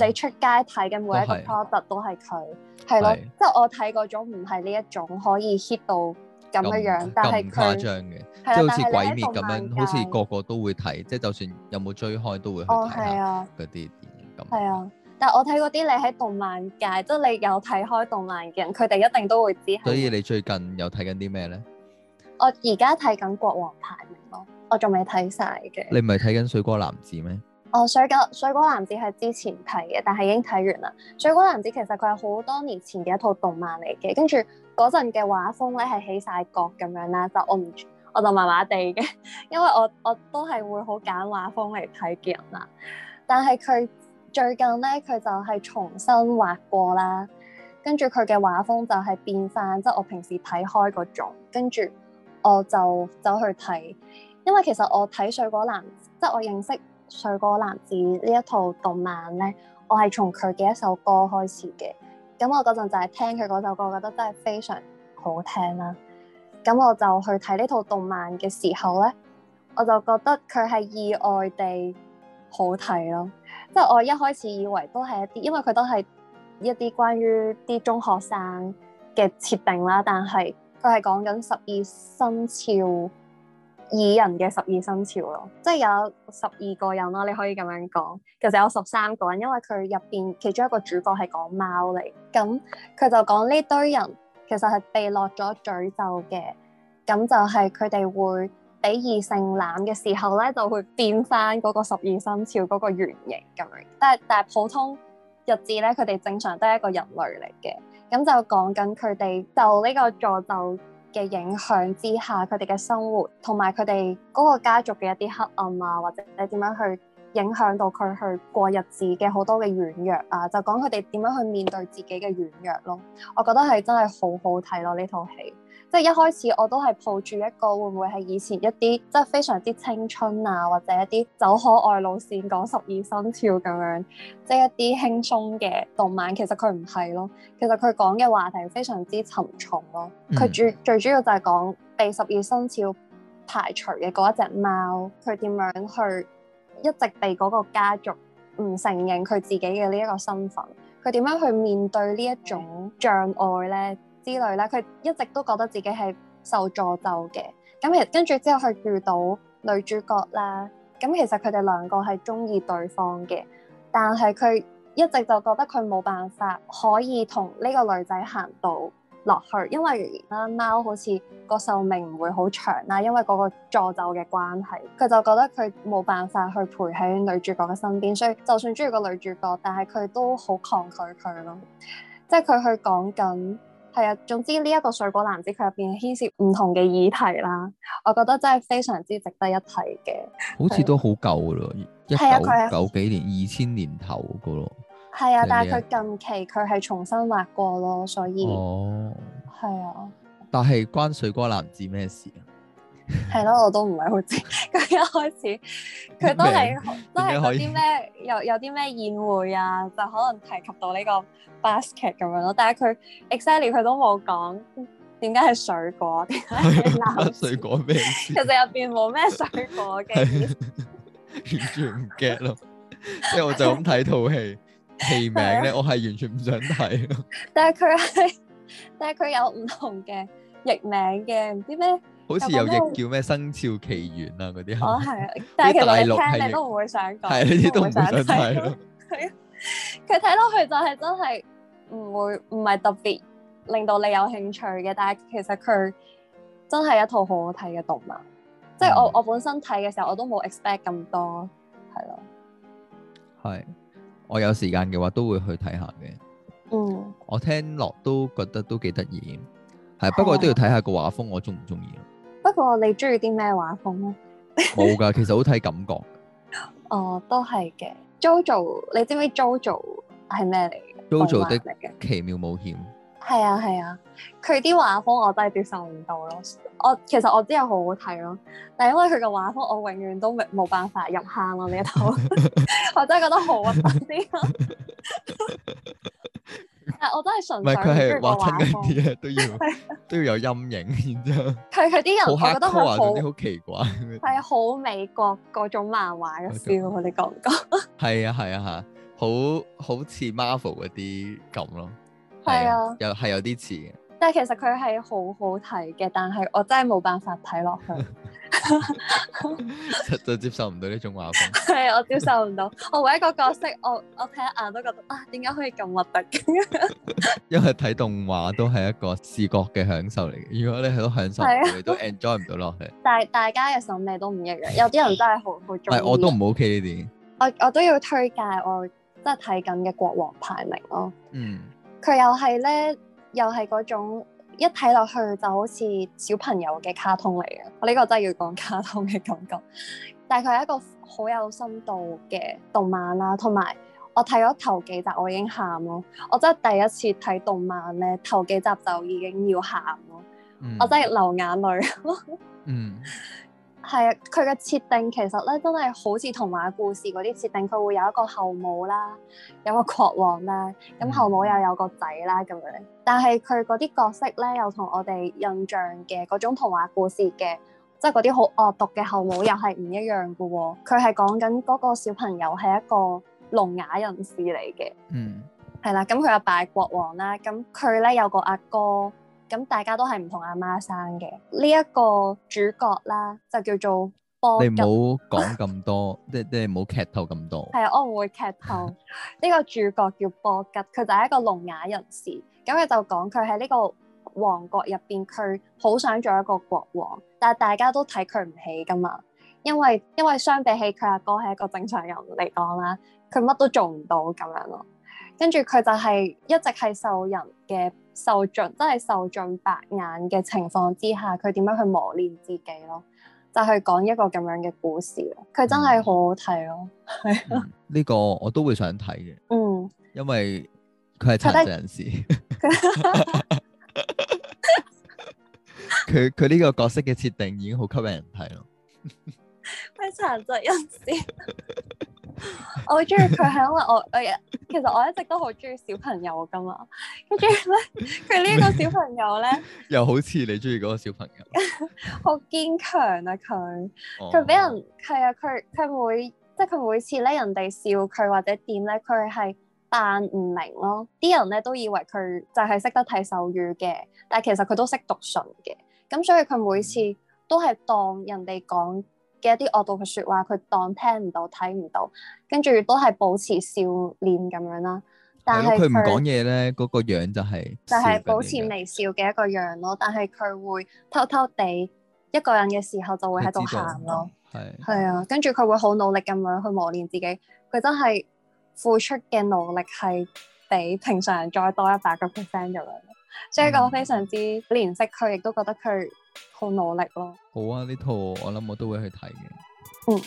你出街睇嘅每一個 product 都係佢係咯。即係我睇嗰種唔係呢一種可以 hit 到咁嘅樣，但係誇張嘅，即係好似鬼滅咁樣，好似個個都會睇。即係就算有冇追開都會去睇下嗰啲電影咁。係啊，但係我睇嗰啲你喺動漫界，即係你有睇開動漫嘅人，佢哋一定都會知。所以你最近有睇緊啲咩咧？我而家睇緊《國王排名》咯，我仲未睇晒嘅。你唔係睇緊《水果籃子》咩？哦，水果、《水果籃子》係之前睇嘅，但係已經睇完啦。《水果籃子》其實佢係好多年前嘅一套動漫嚟嘅，跟住嗰陣嘅畫風咧係起晒角咁樣啦，就我唔，我就麻麻地嘅，因為我我都係會好揀畫風嚟睇嘅人啦。但係佢最近咧，佢就係重新畫過啦，跟住佢嘅畫風就係變返，即係我平時睇開嗰種，跟住。我就走去睇，因為其實我睇《水果籃，即係我認識《水果籃子》呢、就是、一套動漫咧，我係從佢嘅一首歌開始嘅。咁我嗰陣就係聽佢嗰首歌，覺得真係非常好聽啦、啊。咁我就去睇呢套動漫嘅時候咧，我就覺得佢係意外地好睇咯、啊。即、就、係、是、我一開始以為都係一啲，因為佢都係一啲關於啲中學生嘅設定啦、啊，但係。佢係講緊十二生肖二人嘅十二生肖咯，即係有十二個人啦、啊，你可以咁樣講。其實有十三個人，因為佢入邊其中一個主角係講貓嚟。咁佢就講呢堆人其實係被落咗詛咒嘅，咁就係佢哋會俾異性攬嘅時候咧，就會變翻嗰個十二生肖嗰個原形咁樣，但係但係普通日子咧，佢哋正常都係一個人類嚟嘅，咁就講緊佢哋就呢個詛咒嘅影響之下，佢哋嘅生活同埋佢哋嗰個家族嘅一啲黑暗啊，或者點樣去影響到佢去過日子嘅好多嘅軟弱啊，就講佢哋點樣去面對自己嘅軟弱咯。我覺得係真係好好睇咯呢套戲。即係一開始我都係抱住一個會唔會係以前一啲即係非常之青春啊，或者一啲走可愛路線講十二生肖咁樣，即係一啲輕鬆嘅動漫，其實佢唔係咯。其實佢講嘅話題非常之沉重咯，啊。佢主最主要就係講被十二生肖排除嘅嗰一隻貓，佢點樣去一直被嗰個家族唔承認佢自己嘅呢一個身份，佢點樣去面對呢一種障礙咧？之類啦，佢一直都覺得自己係受詛咒嘅。咁其實跟住之後，佢遇到女主角啦。咁其實佢哋兩個係中意對方嘅，但係佢一直就覺得佢冇辦法可以同呢個女仔行到落去，因為啦，貓好似個壽命唔會好長啦，因為嗰個詛咒嘅關係，佢就覺得佢冇辦法去陪喺女主角嘅身邊，所以就算中意個女主角，但係佢都好抗拒佢咯。即係佢去講緊。係啊，總之呢一個水果籃子佢入邊牽涉唔同嘅議題啦，我覺得真係非常之值得一提嘅。好似都好舊咯，係啊的，九幾年、二千年頭個咯。係啊的，就是、但係佢近期佢係重新畫過咯，所以哦，係啊的。但係關水果籃子咩事啊？係咯，我都唔係好知。佢一開始佢都係字都係嗰啲咩有有啲咩宴會啊，就可能提及到呢個 basket 咁樣咯。但係佢 exactly 佢都冇講點解係水果，點解 水果咩？ 其實入邊冇咩水果嘅 完全唔 get 咯。即係 我就咁睇套戲，戲 名咧我係完全唔想睇 。但係佢係但係佢有唔同嘅譯名嘅，唔知咩。好似有嘢叫咩生肖奇緣啊嗰啲，哦係啊，哦、 但係其實你聽 你都唔會想講，係啊，呢啲都唔會想睇咯。佢睇落去就係真係唔會唔係特別令到你有興趣嘅，但係其實佢真係一套好好睇嘅動漫。嗯、即係我我本身睇嘅時候我都冇 expect 咁多，係咯。係我有時間嘅話都會去睇下嘅。嗯，我聽落都覺得都幾得意，係不過都要睇下個畫風我中唔中意不過你中意啲咩畫風咧？冇 噶，其實好睇感覺。哦，都係嘅。Jojo，你知唔知 Jojo 係咩嚟？Jojo 的奇妙冒險。係啊係啊，佢啲畫風我真係接受唔到咯。我其實我知係好好睇咯，但係因為佢嘅畫風，我永遠都冇辦法入坑咯呢一套。 我真係覺得好核突啲。 但我都係純粹，唔係佢係畫真啲都要 都要有陰影，然之後佢佢啲人覺得佢畫啲好奇怪，係好美國嗰種漫畫嘅 feel 我哋講緊你講唔講？係啊係啊，係啊，好好似 Marvel 嗰啲咁咯，係啊，又係有啲似嘅。但係其實佢係好好睇嘅，但係我真係冇辦法睇落去， 實在接受唔到呢種畫風。係 我接受唔到，我唯一個角色，我我睇一眼都覺得啊，點解可以咁核突？ 因為睇動畫都係一個視覺嘅享受嚟嘅，如果你係都享受、啊、你都 enjoy 唔到落去。但係大家嘅審美都唔一樣，有啲人真係好好中意。係我都唔 OK 呢啲。我我都要推介我即係睇緊嘅《國王排名》咯、哦。嗯。佢又係咧。又係嗰種一睇落去就好似小朋友嘅卡通嚟嘅，我呢個真係要講卡通嘅感覺。但係佢係一個好有深度嘅動漫啦、啊，同埋我睇咗頭幾集我已經喊咯，我真係第一次睇動漫咧，頭幾集就已經要喊咯，嗯、我真係流眼淚。 嗯。係啊，佢嘅設定其實咧真係好似童話故事嗰啲設定，佢會有一個後母啦，有個國王啦，咁後母又有個仔啦咁樣。但係佢嗰啲角色咧，又同我哋印象嘅嗰種童話故事嘅，即係嗰啲好惡毒嘅後母又係唔一樣㗎喎。佢係講緊嗰個小朋友係一個聾啞人士嚟嘅，嗯，係啦。咁佢阿爸係國王啦，咁佢咧有個阿哥，哥。咁大家都係唔同阿媽生嘅。呢一個主角啦，就叫做波吉。你唔好講咁多，即即唔好劇透咁多。係啊，我唔會劇透。呢 個主角叫波吉，佢就係一個聾啞人士。咁佢就講佢喺呢個王國入邊，佢好想做一個國王，但係大家都睇佢唔起㗎嘛。因為因為相比起佢阿哥係一個正常人嚟講啦，佢乜都做唔到咁樣咯。跟住佢就係一直係受人嘅受盡真係受盡白眼嘅情況之下，佢點樣去磨練自己咯，就係講一個咁樣嘅故事咯。佢真係好好睇咯，係 呢、嗯這個我都會想睇嘅，嗯，因為佢係殘疾人士，佢佢呢個角色嘅設定已經好吸引人睇咯，佢 殘疾人士。 我中意佢係因為我我其實我一直都好中意小朋友噶嘛，跟住咧佢呢個小朋友咧 又好似你中意嗰個小朋友，好堅強啊佢佢俾人係啊佢佢每即係佢每次咧人哋笑佢或者點咧佢係扮唔明咯，啲人咧都以為佢就係識得睇手語嘅，但係其實佢都識讀唇嘅，咁所以佢每次都係當人哋講。嘅一啲惡毒嘅説話，佢當聽唔到、睇唔到，跟住都係保持笑臉咁樣啦。但係佢唔講嘢咧，嗰、那個樣就係就係保持微笑嘅一個樣咯。但係佢會偷偷地一個人嘅時候就會喺度喊咯。係係啊，跟住佢會好努力咁樣去磨練自己。佢真係付出嘅努力係比平常人再多一百個 percent 咁樣，即係一個非常之連識佢亦都覺得佢。好努力咯！好啊，呢套我諗我都會去睇嘅。嗯。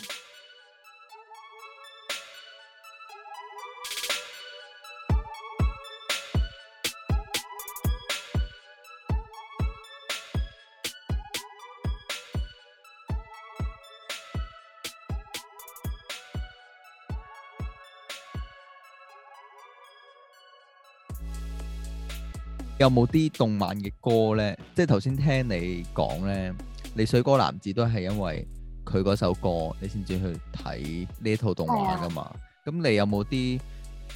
有冇啲動漫嘅歌呢？即係頭先聽你講呢，你《水果籃子》都係因為佢嗰首歌，你先至去睇呢套動畫噶嘛？咁、啊、你有冇啲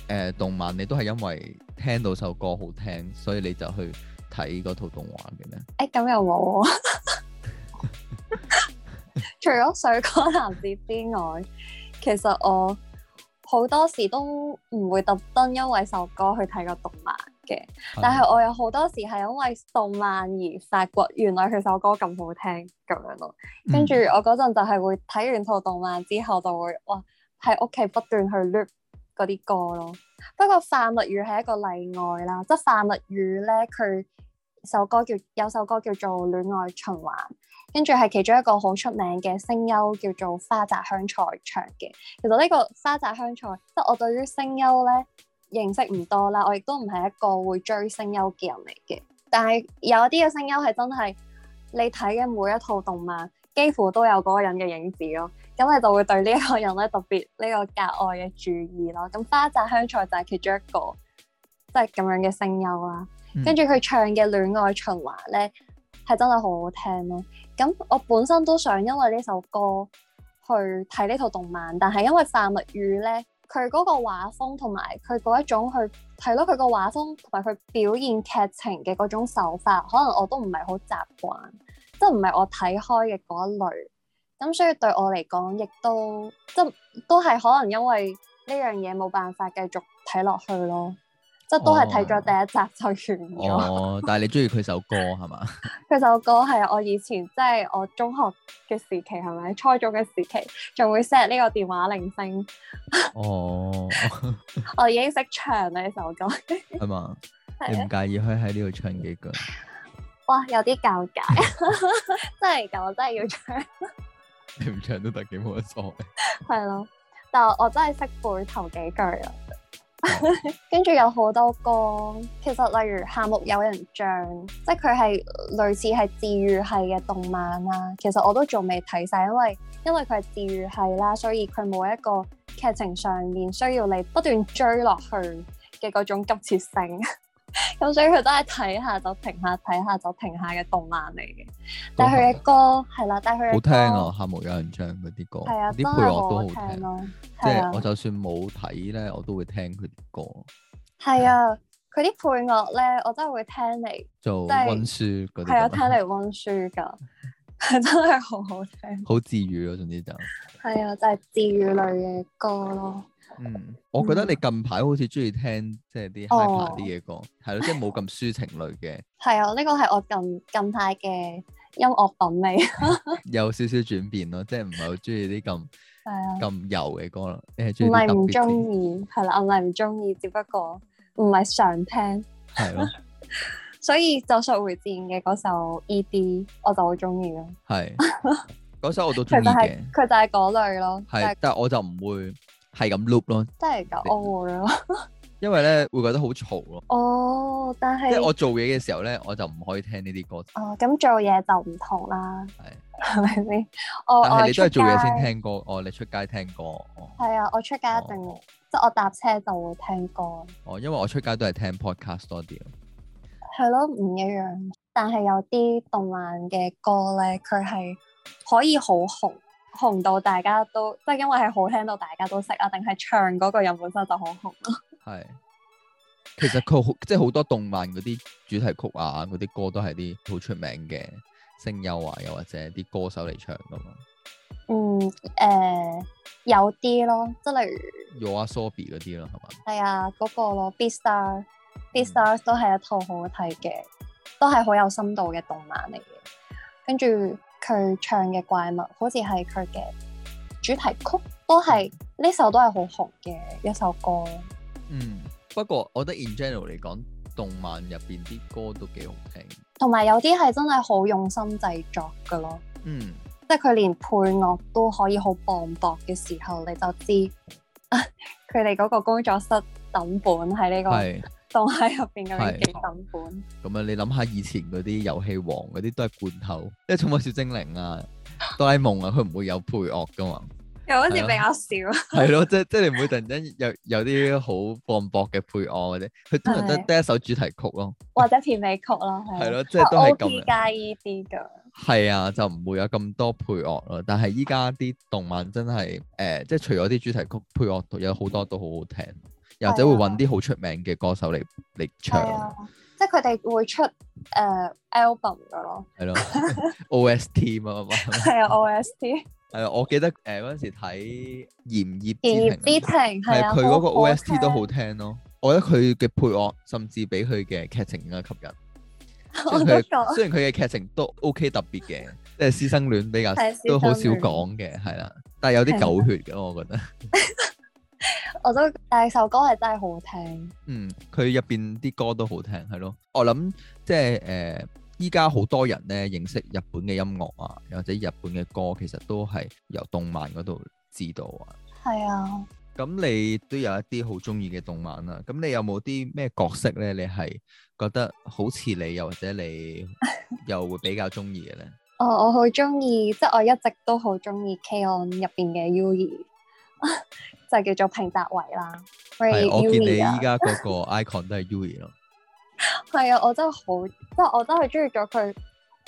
誒動漫？你都係因為聽到首歌好聽，所以你就去睇嗰套動畫嘅咩？誒咁又冇啊！除咗《水果籃子》之外， 其實我好多時都唔會特登因為首歌去睇個動漫。嘅，但係我有好多時係因為動漫而發掘，原來佢首歌咁好聽咁樣咯。跟住我嗰陣就係會睇完套動漫之後，就會哇喺屋企不斷去 loop 嗰啲歌咯。不過《化物語》係一個例外啦，即係《化物語》咧，佢首歌叫，有首歌叫做《戀愛循環》，跟住係其中一個好出名嘅聲優叫做花澤香菜唱嘅。其實呢個花澤香菜，即係我對於聲優咧。認識唔多啦，我亦都唔係一個會追聲優嘅人嚟嘅。但係有一啲嘅聲優係真係你睇嘅每一套動漫，幾乎都有嗰個人嘅影子咯。咁你就會對呢一個人咧特別呢、呢個格外嘅注意咯。咁花澤香菜就係其中一個即係咁樣嘅聲優啦。嗯、跟住佢唱嘅《戀愛循環》咧係真係好好聽咯。咁我本身都想因為呢首歌去睇呢套動漫，但係因為范《化物語》咧。佢嗰個畫風同埋佢嗰一種去係咯，佢個畫風同埋佢表現劇情嘅嗰種手法，可能我都唔係好習慣，即係唔係我睇開嘅嗰一類，咁所以對我嚟講亦都即都係可能因為呢樣嘢冇辦法繼續睇落去咯。即係都係睇咗第一集就完咗。哦，但係你中意佢首歌係嘛？佢首歌係我以前即係我中學嘅時期，係咪初中嘅時期仲會 set 呢個電話鈴聲。哦，我已經識唱呢首歌。係嘛？你唔介意可以喺呢度唱幾句？哇，有啲尷尬，真係噶，我真係要唱。你唔唱都得幾冇錯。係咯，但我真係識背頭幾句啊。跟住 有好多歌，其實例如夏目友人帳，即係佢係類似係治愈系嘅動漫啦、啊。其實我都仲未睇晒，因為因為佢係治愈系啦，所以佢冇一個劇情上面需要你不斷追落去嘅嗰種急切性。咁所以佢都係睇下就停下，睇下就停下嘅動漫嚟嘅，但係佢嘅歌係啦，但係佢好聽啊，夏目友人帳嗰啲歌，啲配樂都好聽咯。即係我就算冇睇咧，我都會聽佢啲歌。係啊，佢啲配樂咧，我真係會聽嚟做溫書嗰啲，係啊，聽嚟溫書噶，係真係好好聽，好治愈啊，總之就係啊，就係治愈類嘅歌咯。嗯，我覺得你近排好似中意聽即係啲 hiphop 啲嘅歌，係咯，即係冇咁抒情類嘅。係啊，呢個係我近近排嘅音樂品味，有少少轉變咯，即係唔係好中意啲咁係啊咁柔嘅歌啦。唔係唔中意，係啦，我唔係唔中意，只不過唔係常聽。係咯，所以就咒術迴戰嘅嗰首 E.D. 我就好中意咯。係嗰首我都中意嘅，佢就係嗰類咯。係，但係我就唔會。係咁 loop 咯，真係噶，哦。因為咧 會覺得好嘈咯。哦，但係即係我做嘢嘅時候咧，我就唔可以聽呢啲歌。哦，咁做嘢就唔同啦，係係咪先？我、 哦、但係你都係做嘢先聽歌，街哦，你出街聽歌，係、哦、啊，我出街一定、哦、即係我搭車就會聽歌。哦，因為我出街都係聽 podcast 多啲。係咯，唔一樣。但係有啲動漫嘅歌咧，佢係可以好紅。紅到大家都，即係因為係好聽到大家都識啊，定係唱嗰個人本身就好紅咯。係，其實佢 即係好多動漫嗰啲主題曲啊，嗰啲歌都係啲好出名嘅聲優啊，又或者啲歌手嚟唱噶嘛。嗯，誒、呃，有啲咯，即係例如 YOASOBI 嗰啲啦，係嘛？係啊，嗰、那個咯，Beastars，Beastars 都係一套好睇嘅，嗯、都係好有深度嘅動漫嚟嘅，跟住。佢唱嘅怪物，好似係佢嘅主題曲，都係呢首都係好紅嘅一首歌。嗯，不過我覺得 in general 嚟講，動漫入邊啲歌都幾好聽，同埋有啲係真係好用心製作噶咯。嗯，即係佢連配樂都可以好磅礴嘅時候，你就知佢哋嗰個工作室等本喺呢個。仲喺入邊嗰啲幾新咁啊，樣你諗下以前嗰啲遊戲王嗰啲都係罐頭，即係寵物小精靈啊、哆啦 A 夢啊，佢唔會有配樂噶嘛？又好似比較少。係咯，即即係你唔會突然間有有啲好磅礴嘅配樂嗰啲，佢通常得得一首主題曲咯，或者片尾曲咯，係咯，即係都係咁加依啲㗎。係啊，就唔會有咁多配樂咯。但係依家啲動漫真係誒，即係除咗啲主題曲配樂，有好多都好好聽。又或者會揾啲好出名嘅歌手嚟嚟唱，即係佢哋會出誒 album 㗎咯。係咯，OST 啊嘛。係啊，OST。係啊，我記得誒嗰陣時睇《言葉之庭》，係佢嗰個 OST 都好聽咯。我覺得佢嘅配樂甚至比佢嘅劇情更加吸引。冇錯。雖然佢嘅劇情都 OK 特別嘅，即係師生戀比較都好少講嘅，係啦。但係有啲狗血嘅，我覺得。我都，但首歌係真係好聽。嗯，佢入邊啲歌都好聽，係咯。我諗即係誒，依家好多人咧認識日本嘅音樂啊，又或者日本嘅歌，其實都係由動漫嗰度知道啊。係啊。咁你都有一啲好中意嘅動漫啊。咁你有冇啲咩角色咧？你係覺得好似你，又或者你又會比較中意嘅咧？ 哦，我好中意，即係我一直都好中意《K-On》入邊嘅 U 二。就叫做平達維啦。係對，Y ui 我見你依家嗰個 icon 都係 Yui 咯。係啊， 我真係好，即係我真係中意咗佢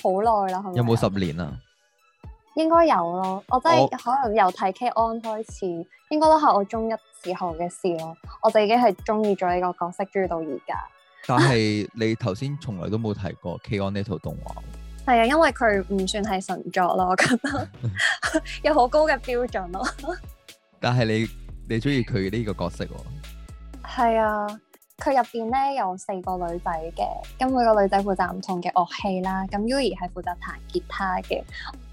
好耐啦。有冇十年啊？ 應該有咯。我真係我可能由睇《K-On》開始，應該都係我中一時候嘅事咯。我就已經係中意咗呢個角色，中意到而家。但係你頭先從來都冇睇過《K-On》呢套動畫。係啊，因為佢唔算係神作咯，我覺得有好高嘅標準咯。但係你。你中意佢呢個角色，哦？係啊，佢入邊咧有四個女仔嘅，咁每個女仔負責唔同嘅樂器啦。咁 Yui 係負責彈吉他嘅。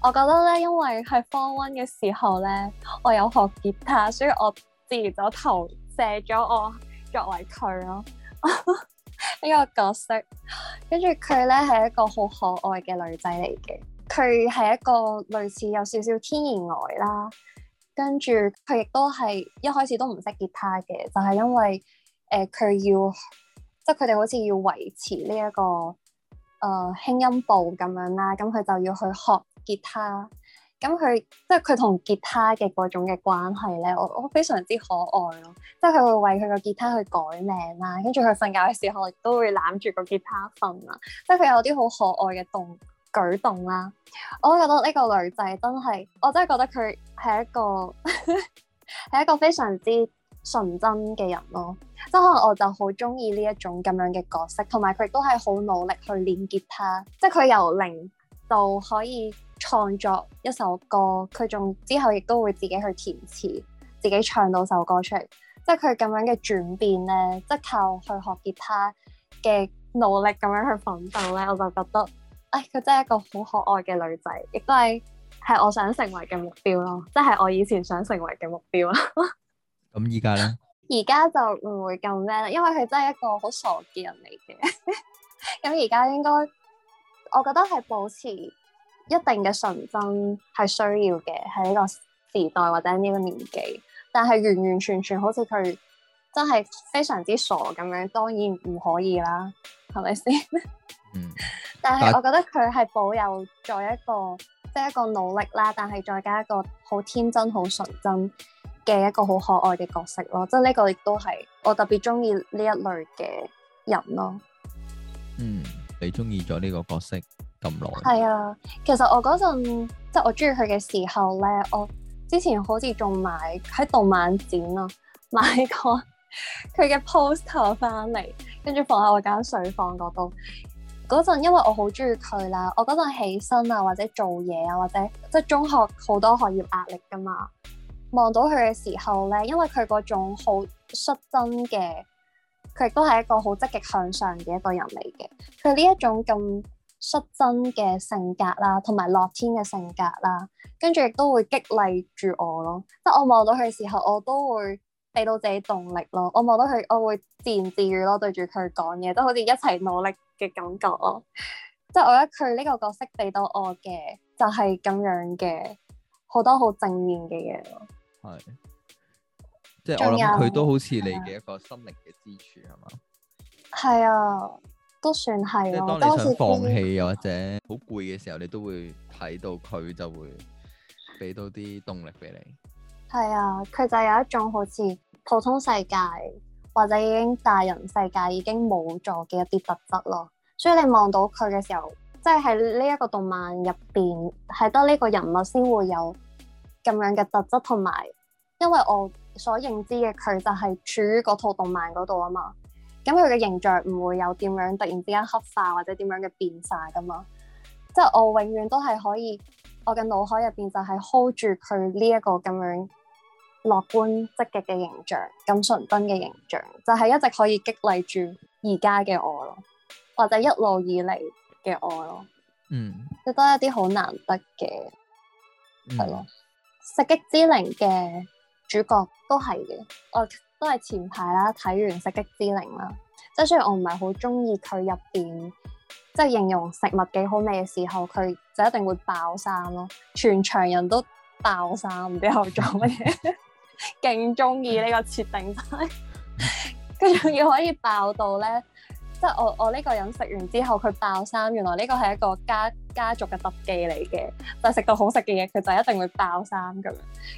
我覺得咧，因為係 Form 1嘅時候咧，我有學吉他，所以我自然咗投射咗我作為佢咯呢個角色。跟住佢咧係一個好可愛嘅女仔嚟嘅，佢係一個類似有少少天然呆啦。跟住佢亦都係一開始都唔識吉他嘅，就係、是、因為誒佢、呃、要，即係佢哋好似要維持呢、這、一個誒輕、呃、音部咁樣啦，咁佢就要去學吉他。咁佢即係佢同吉他嘅嗰種嘅關係咧，我我非常之可愛咯。即係佢會為佢個吉他去改名啦，跟住佢瞓覺嘅時候亦都會攬住個吉他瞓啦。即係佢有啲好可愛嘅動。舉動啦，我都覺得呢個女仔真係，我真係覺得佢係一個係 一個非常之純真嘅人咯。即係可能我就好鍾意呢一種咁樣嘅角色，同埋佢都係好努力去練吉他。即係佢由零就可以創作一首歌，佢仲之後亦都會自己去填詞，自己唱到首歌出嚟。即係佢咁樣嘅轉變呢，即係靠去學吉他嘅努力咁樣去奮鬥呢，我就覺得。誒、佢、哎、真係一個好可愛嘅女仔，亦都係係我想成為嘅目標咯，即係我以前想成為嘅目標咯。咁依家咧，而家就唔會咁咩啦，因為佢真係一個好傻嘅人嚟嘅。咁而家應該，我覺得係保持一定嘅純真係需要嘅，喺呢個時代或者呢個年紀，但係完完全全好似佢真係非常之傻咁樣，當然唔可以啦，係咪先？ 嗯。但係我覺得佢係保有咗一個，即、就、係、是、一個努力啦，但係再加一個好天真、好純真嘅一個好可愛嘅角色咯。即係呢個亦都係我特別中意呢一類嘅人咯。嗯，你中意咗呢個角色咁耐？係啊，其實我嗰陣即係、就是、我中意佢嘅時候咧，我之前好似仲買喺動漫展啊，買過佢嘅 poster 翻嚟，跟住放喺我間睡房嗰度。嗰陣因為我好中意佢啦，我嗰陣起身啊，或者做嘢啊，或者即係中學好多學業壓力噶嘛，望到佢嘅時候咧，因為佢嗰種好率真嘅，佢亦都係一個好積極向上嘅一個人嚟嘅。佢呢一種咁率真嘅性格啦，同埋樂天嘅性格啦，跟住亦都會激勵住我咯。即係我望到佢嘅時候，我都會。俾到自己動力咯，我望到佢，我會自言自語咯，對住佢講嘢，都好似一齊努力嘅感覺咯。即 係我覺得佢呢個角色俾到我嘅就係、是、咁樣嘅好多好正面嘅嘢咯。係，即係有我諗佢都好似你嘅一個心靈嘅支柱係嘛？係有吧啊，都算係。當你想放棄又或者好攰嘅時候，你都會睇到佢就會俾到啲動力俾你。係啊，佢就有一種好似～普通世界或者已經大人世界已經冇咗嘅一啲特質咯，所以你望到佢嘅時候，即係喺呢一個動漫入邊，係得呢個人物先會有咁樣嘅特質，同埋因為我所認知嘅佢就係處於嗰套動漫嗰度啊嘛，咁佢嘅形象唔會有點樣突然之間黑化或者點樣嘅變晒噶嘛，即係我永遠都係可以，我嘅腦海入邊就係 hold 住佢呢一個咁樣。樂觀積極嘅形象，咁純真嘅形象，就係、是、一直可以激勵住而家嘅我咯，或者一路以嚟嘅我咯，嗯，亦都係一啲好難得嘅，係咯、嗯。《食戟之靈》嘅主角都係嘅，我都係前排啦，睇完《食戟之靈》啦，即係雖然我唔係好中意佢入邊，即係形容食物幾好味嘅時候，佢就一定會爆衫咯，全場人都爆衫，唔 知後做乜嘢。 勁中意呢個設定，跟住仲要可以爆到咧，即係我我呢個人食完之後佢爆衫，原來呢個係一個家家族嘅特技嚟嘅，但係食到好食嘅嘢佢就一定會爆衫咁樣，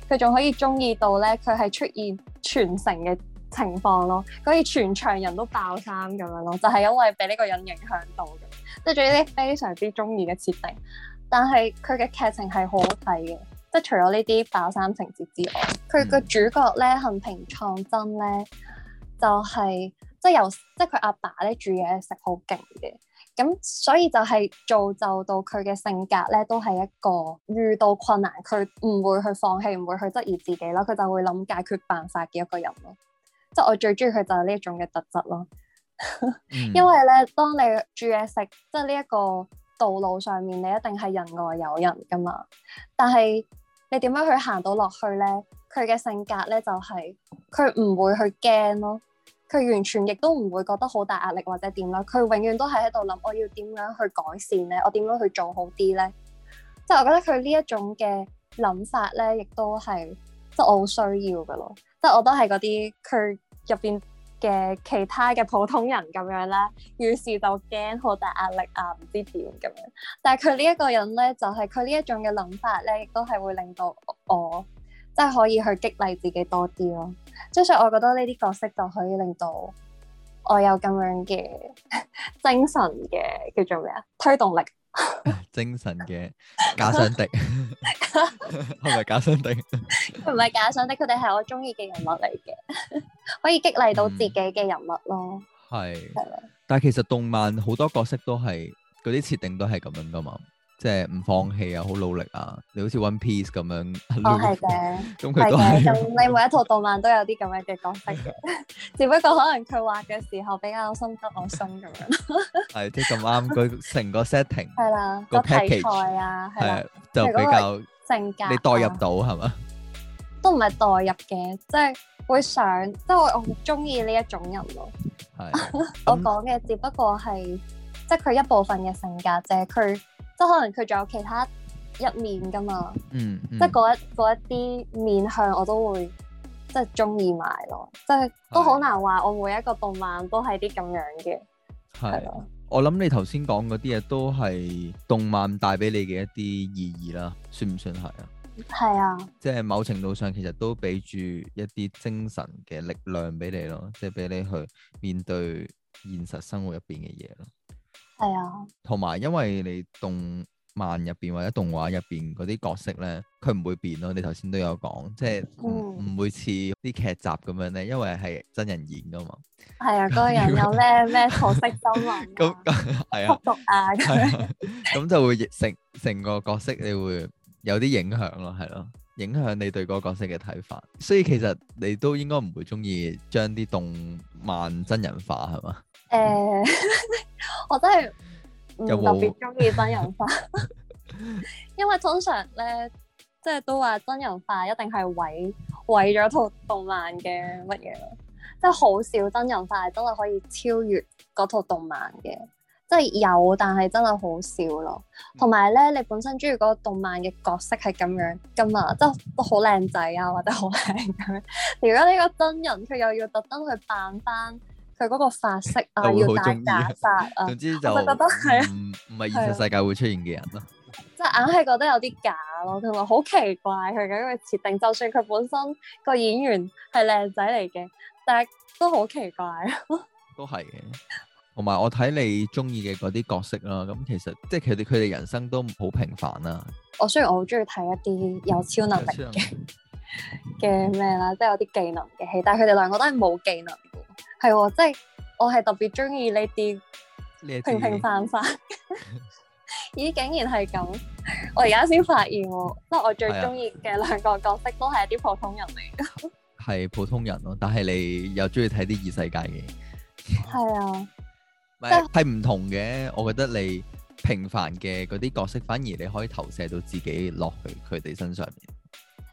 佢仲可以中意到咧，佢係出現全城嘅情況咯，所以全場人都爆衫咁樣咯，就係因為俾呢個人影響到嘅，即係仲有啲非常之中意嘅設定，但係佢嘅劇情係好睇嘅。即係除咗呢啲爆衫情節之外，佢個、嗯、主角咧，幸平創真咧，就係即係由即係佢阿爸咧煮嘢食好勁嘅，咁所以就係造就到佢嘅性格咧，都係一個遇到困難佢唔會去放棄，唔會去質疑自己咯，佢就會諗解決辦法嘅一個人咯。即、就、係、是、我最中意佢就係呢一種嘅特質咯。 嗯、因為咧，當你煮嘢食，即係呢一個道路上面，你一定係人外有人噶嘛，但係，你點樣去行到落去咧？佢嘅性格咧就係佢唔會去驚咯，佢完全亦都唔會覺得好大壓力或者點啦。佢永遠都係喺度諗，我要點樣去改善咧？我點樣去做好啲咧？即係我覺得佢呢一種嘅諗法咧，亦都係即係我好需要㗎咯。即係我都係嗰啲佢入邊嘅其他嘅普通人咁樣啦，於是就驚好大壓力啊，唔知點咁樣。但係佢呢一個人咧，就係佢呢一種嘅諗法咧，亦都係會令到我即係可以去激勵自己多啲咯。即係所以我覺得呢啲角色就可以令到我有咁樣嘅 精神嘅叫做咩啊？推動力。 精神嘅假想敵，係咪假想敵？佢唔係假想敵，佢哋係我中意嘅人物嚟嘅， 可以激勵到自己嘅人物咯。係、嗯，係吧？但係其實動漫好多角色都係，嗰啲設定都係咁樣噶嘛。即係唔放棄啊，好努力啊！你好似 One Piece 咁樣 loop、oh，哦係嘅，係嘅，咁你每一套動漫都有啲咁樣嘅角色嘅， 只不過可能佢畫嘅時候比較深得我心咁樣。係即咁啱佢成個 setting。係啦 的個 package，題材啊，係就比較性格你代入到係嘛的？都唔係代入嘅，即係會想，即係我好中意呢一種人咯。係的 我講嘅只不過係即係佢一部分嘅性格，就係佢。即係可能佢仲有其他一面噶嘛，嗯嗯、即係嗰一嗰一啲面向我都會即係中意埋咯，即係是都好難話我每一個動漫都係啲咁樣嘅。係啊是，吧我諗你頭先講嗰啲嘢都係動漫帶俾你嘅一啲意義啦，算唔算係啊？係啊，即係某程度上其實都俾住一啲精神嘅力量俾你咯，即係俾你去面對現實生活入邊嘅嘢咯。係啊，同埋因為你動漫入邊或者動畫入邊嗰啲角色咧，佢唔會變咯。你頭先都有講，即係唔會似啲劇集咁樣咧，因為係真人演噶嘛。係啊，嗰個人有咩咩角色身紋，咁吸毒啊，咁就會成成個角色你會有啲影響咯，係咯、啊，影響你對嗰個角色嘅睇法。所以其實你都應該唔會中意將啲動漫真人化，係嘛？誒、嗯。 我真係唔特別中意真人化，有沒有 因為通常咧，即係都話真人化一定係毀毀咗套動漫嘅乜嘢咯，即係好少真人化係真係可以超越嗰套動漫嘅，即係有，但係真係好少咯。同埋咧，你本身中意嗰個動漫嘅角色係咁樣噶嘛，即係都好靚仔啊，或者好靚咁樣。如果呢個真人佢又要特登去扮翻。佢嗰個髮色啊，都會要戴假髮啊，總之就唔覺得係、就係、啊，唔係現實世界會出現嘅人咯、啊，即係硬係覺得有啲假咯。佢話好奇怪佢咁嘅設定，就算佢本身個演員係靚仔嚟嘅，但係都好奇怪啊。都係嘅。同埋我睇你中意嘅嗰啲角色啦，咁其實即係佢哋佢哋人生都好平凡啊。我雖然我好中意睇一啲有超能力嘅嘅咩啦，即係有啲技能嘅戲，但係佢哋兩個都係冇技能係喎，即係、啊就是、我係特別中意呢啲平平凡凡， 咦竟然係咁，我而家先發現喎，即係我最中意嘅兩個角色都係一啲普通人嚟、啊。係普通人咯、啊，但係你又中意睇啲異世界嘅？係 啊，係唔是、啊、同嘅。我覺得你平凡嘅嗰啲角色，反而你可以投射到自己落去佢哋身上面。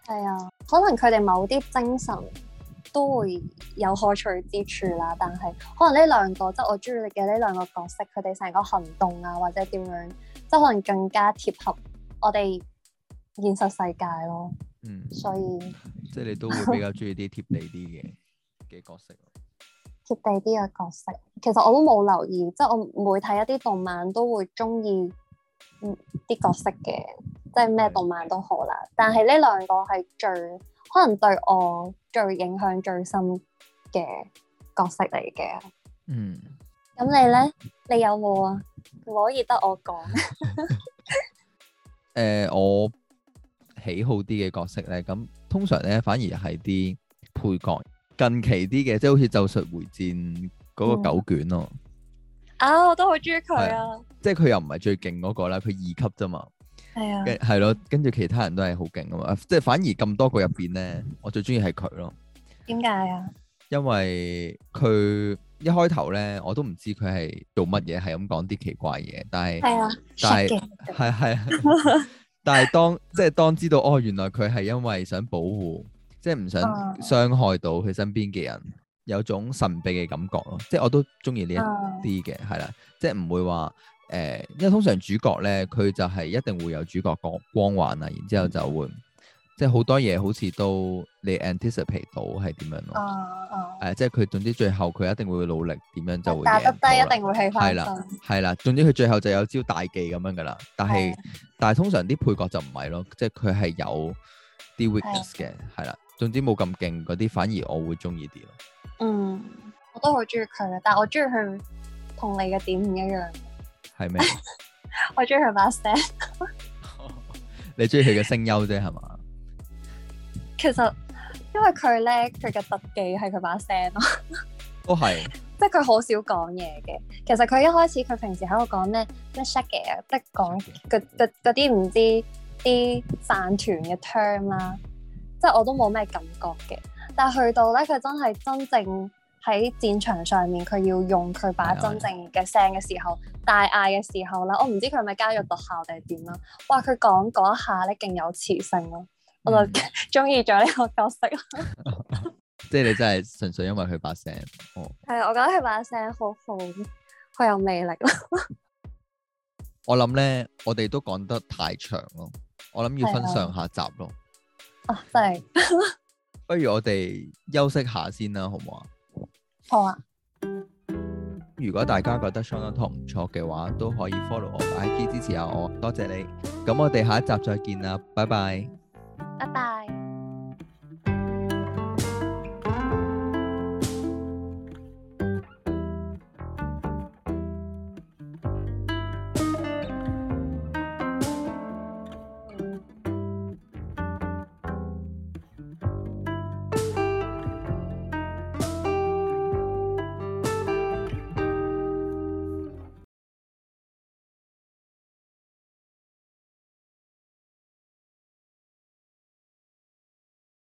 係啊，可能佢哋某啲精神。都會有可取之處啦，但係可能呢兩個即係、就是、我中意你嘅呢兩個角色，佢哋成個行動啊，或者點樣，即係可能更加貼合我哋現實世界咯。嗯，所以即係你都會比較中意啲貼地啲嘅嘅角色咯，貼地啲嘅角色其實我都冇留意，即、就、係、是、我每睇一啲動漫都會中意，嗯啲角色嘅，對即係咩動漫都好啦。對但係呢兩個係最可能對我。最影響最深嘅角色嚟嘅，嗯，咁你咧，你有冇啊？唔可以得我講？誒、 呃，我喜好啲嘅角色咧，咁通常咧反而係啲配角，近期啲嘅，即係好似《咒術迴戰》嗰個九卷咯。啊、嗯哦，我都好中意佢啊！即係佢又唔係最勁嗰個啦，佢二級啫嘛。係啊，係咯、啊，跟住其他人都係好勁㗎嘛，即係反而咁多個入邊咧，我最中意係佢咯。點解啊？因為佢一開頭咧，我都唔知佢係做乜嘢，係咁講啲奇怪嘢，但係，係啊，但係係係，啊啊、 但係當即係、即係、當知道哦，原來佢係因為想保護，即係唔想傷害到佢身邊嘅人，啊、有種神秘嘅感覺咯，即係我都中意呢一啲嘅，係啦、啊，即係唔會話。誒，因為通常主角咧，佢就係一定會有主角光光環啊，然之後就會即係好多嘢，好似都你 anticipate 到係點樣咯。誒、uh, uh, 呃，即係佢總之最後佢一定會努力，點樣就會打得低，了一定會起翻身。係啦，係啦，總之佢最後就有招大忌咁樣噶啦。但係的但係通常啲配角就唔係咯，即係佢係有啲 weakness 嘅的，係啦。總之冇咁勁嗰啲，反而我會中意啲咯。嗯，我都好中意佢，但係我中意佢同你嘅點唔一樣。係咩？ 我中意佢把聲。 你中意佢嘅聲優啫，係嘛、 哦？其實因為佢咧，佢嘅特技係佢把聲咯。都係。即係佢好少講嘢嘅。其實佢一開始佢平時喺度講咩咩 shake 啊，即係講啲唔知啲飯團嘅 term 啦，即係我都冇咩感覺嘅。但係去到咧，佢真係真正。喺戰場上面，佢要用佢把真正嘅聲嘅時候，嗯、大嗌嘅時候啦，我唔知佢係咪加入特效定係點咯。哇，佢講嗰一下咧，勁有磁性咯，我就中意咗呢個角色咯。 即係你真係純粹因為佢把聲哦，係啊，我覺得佢把聲好好，好有魅力咯。我諗咧，我哋都講得太長咯，我諗要分上下集咯。哦，真係，不如我哋休息下先啦，好唔好啊？好啊！如果大家覺得雙打唔錯嘅話，都可以 follow 我 IG 支持下我，多謝你。咁我哋下一集再見啦，拜拜。拜拜。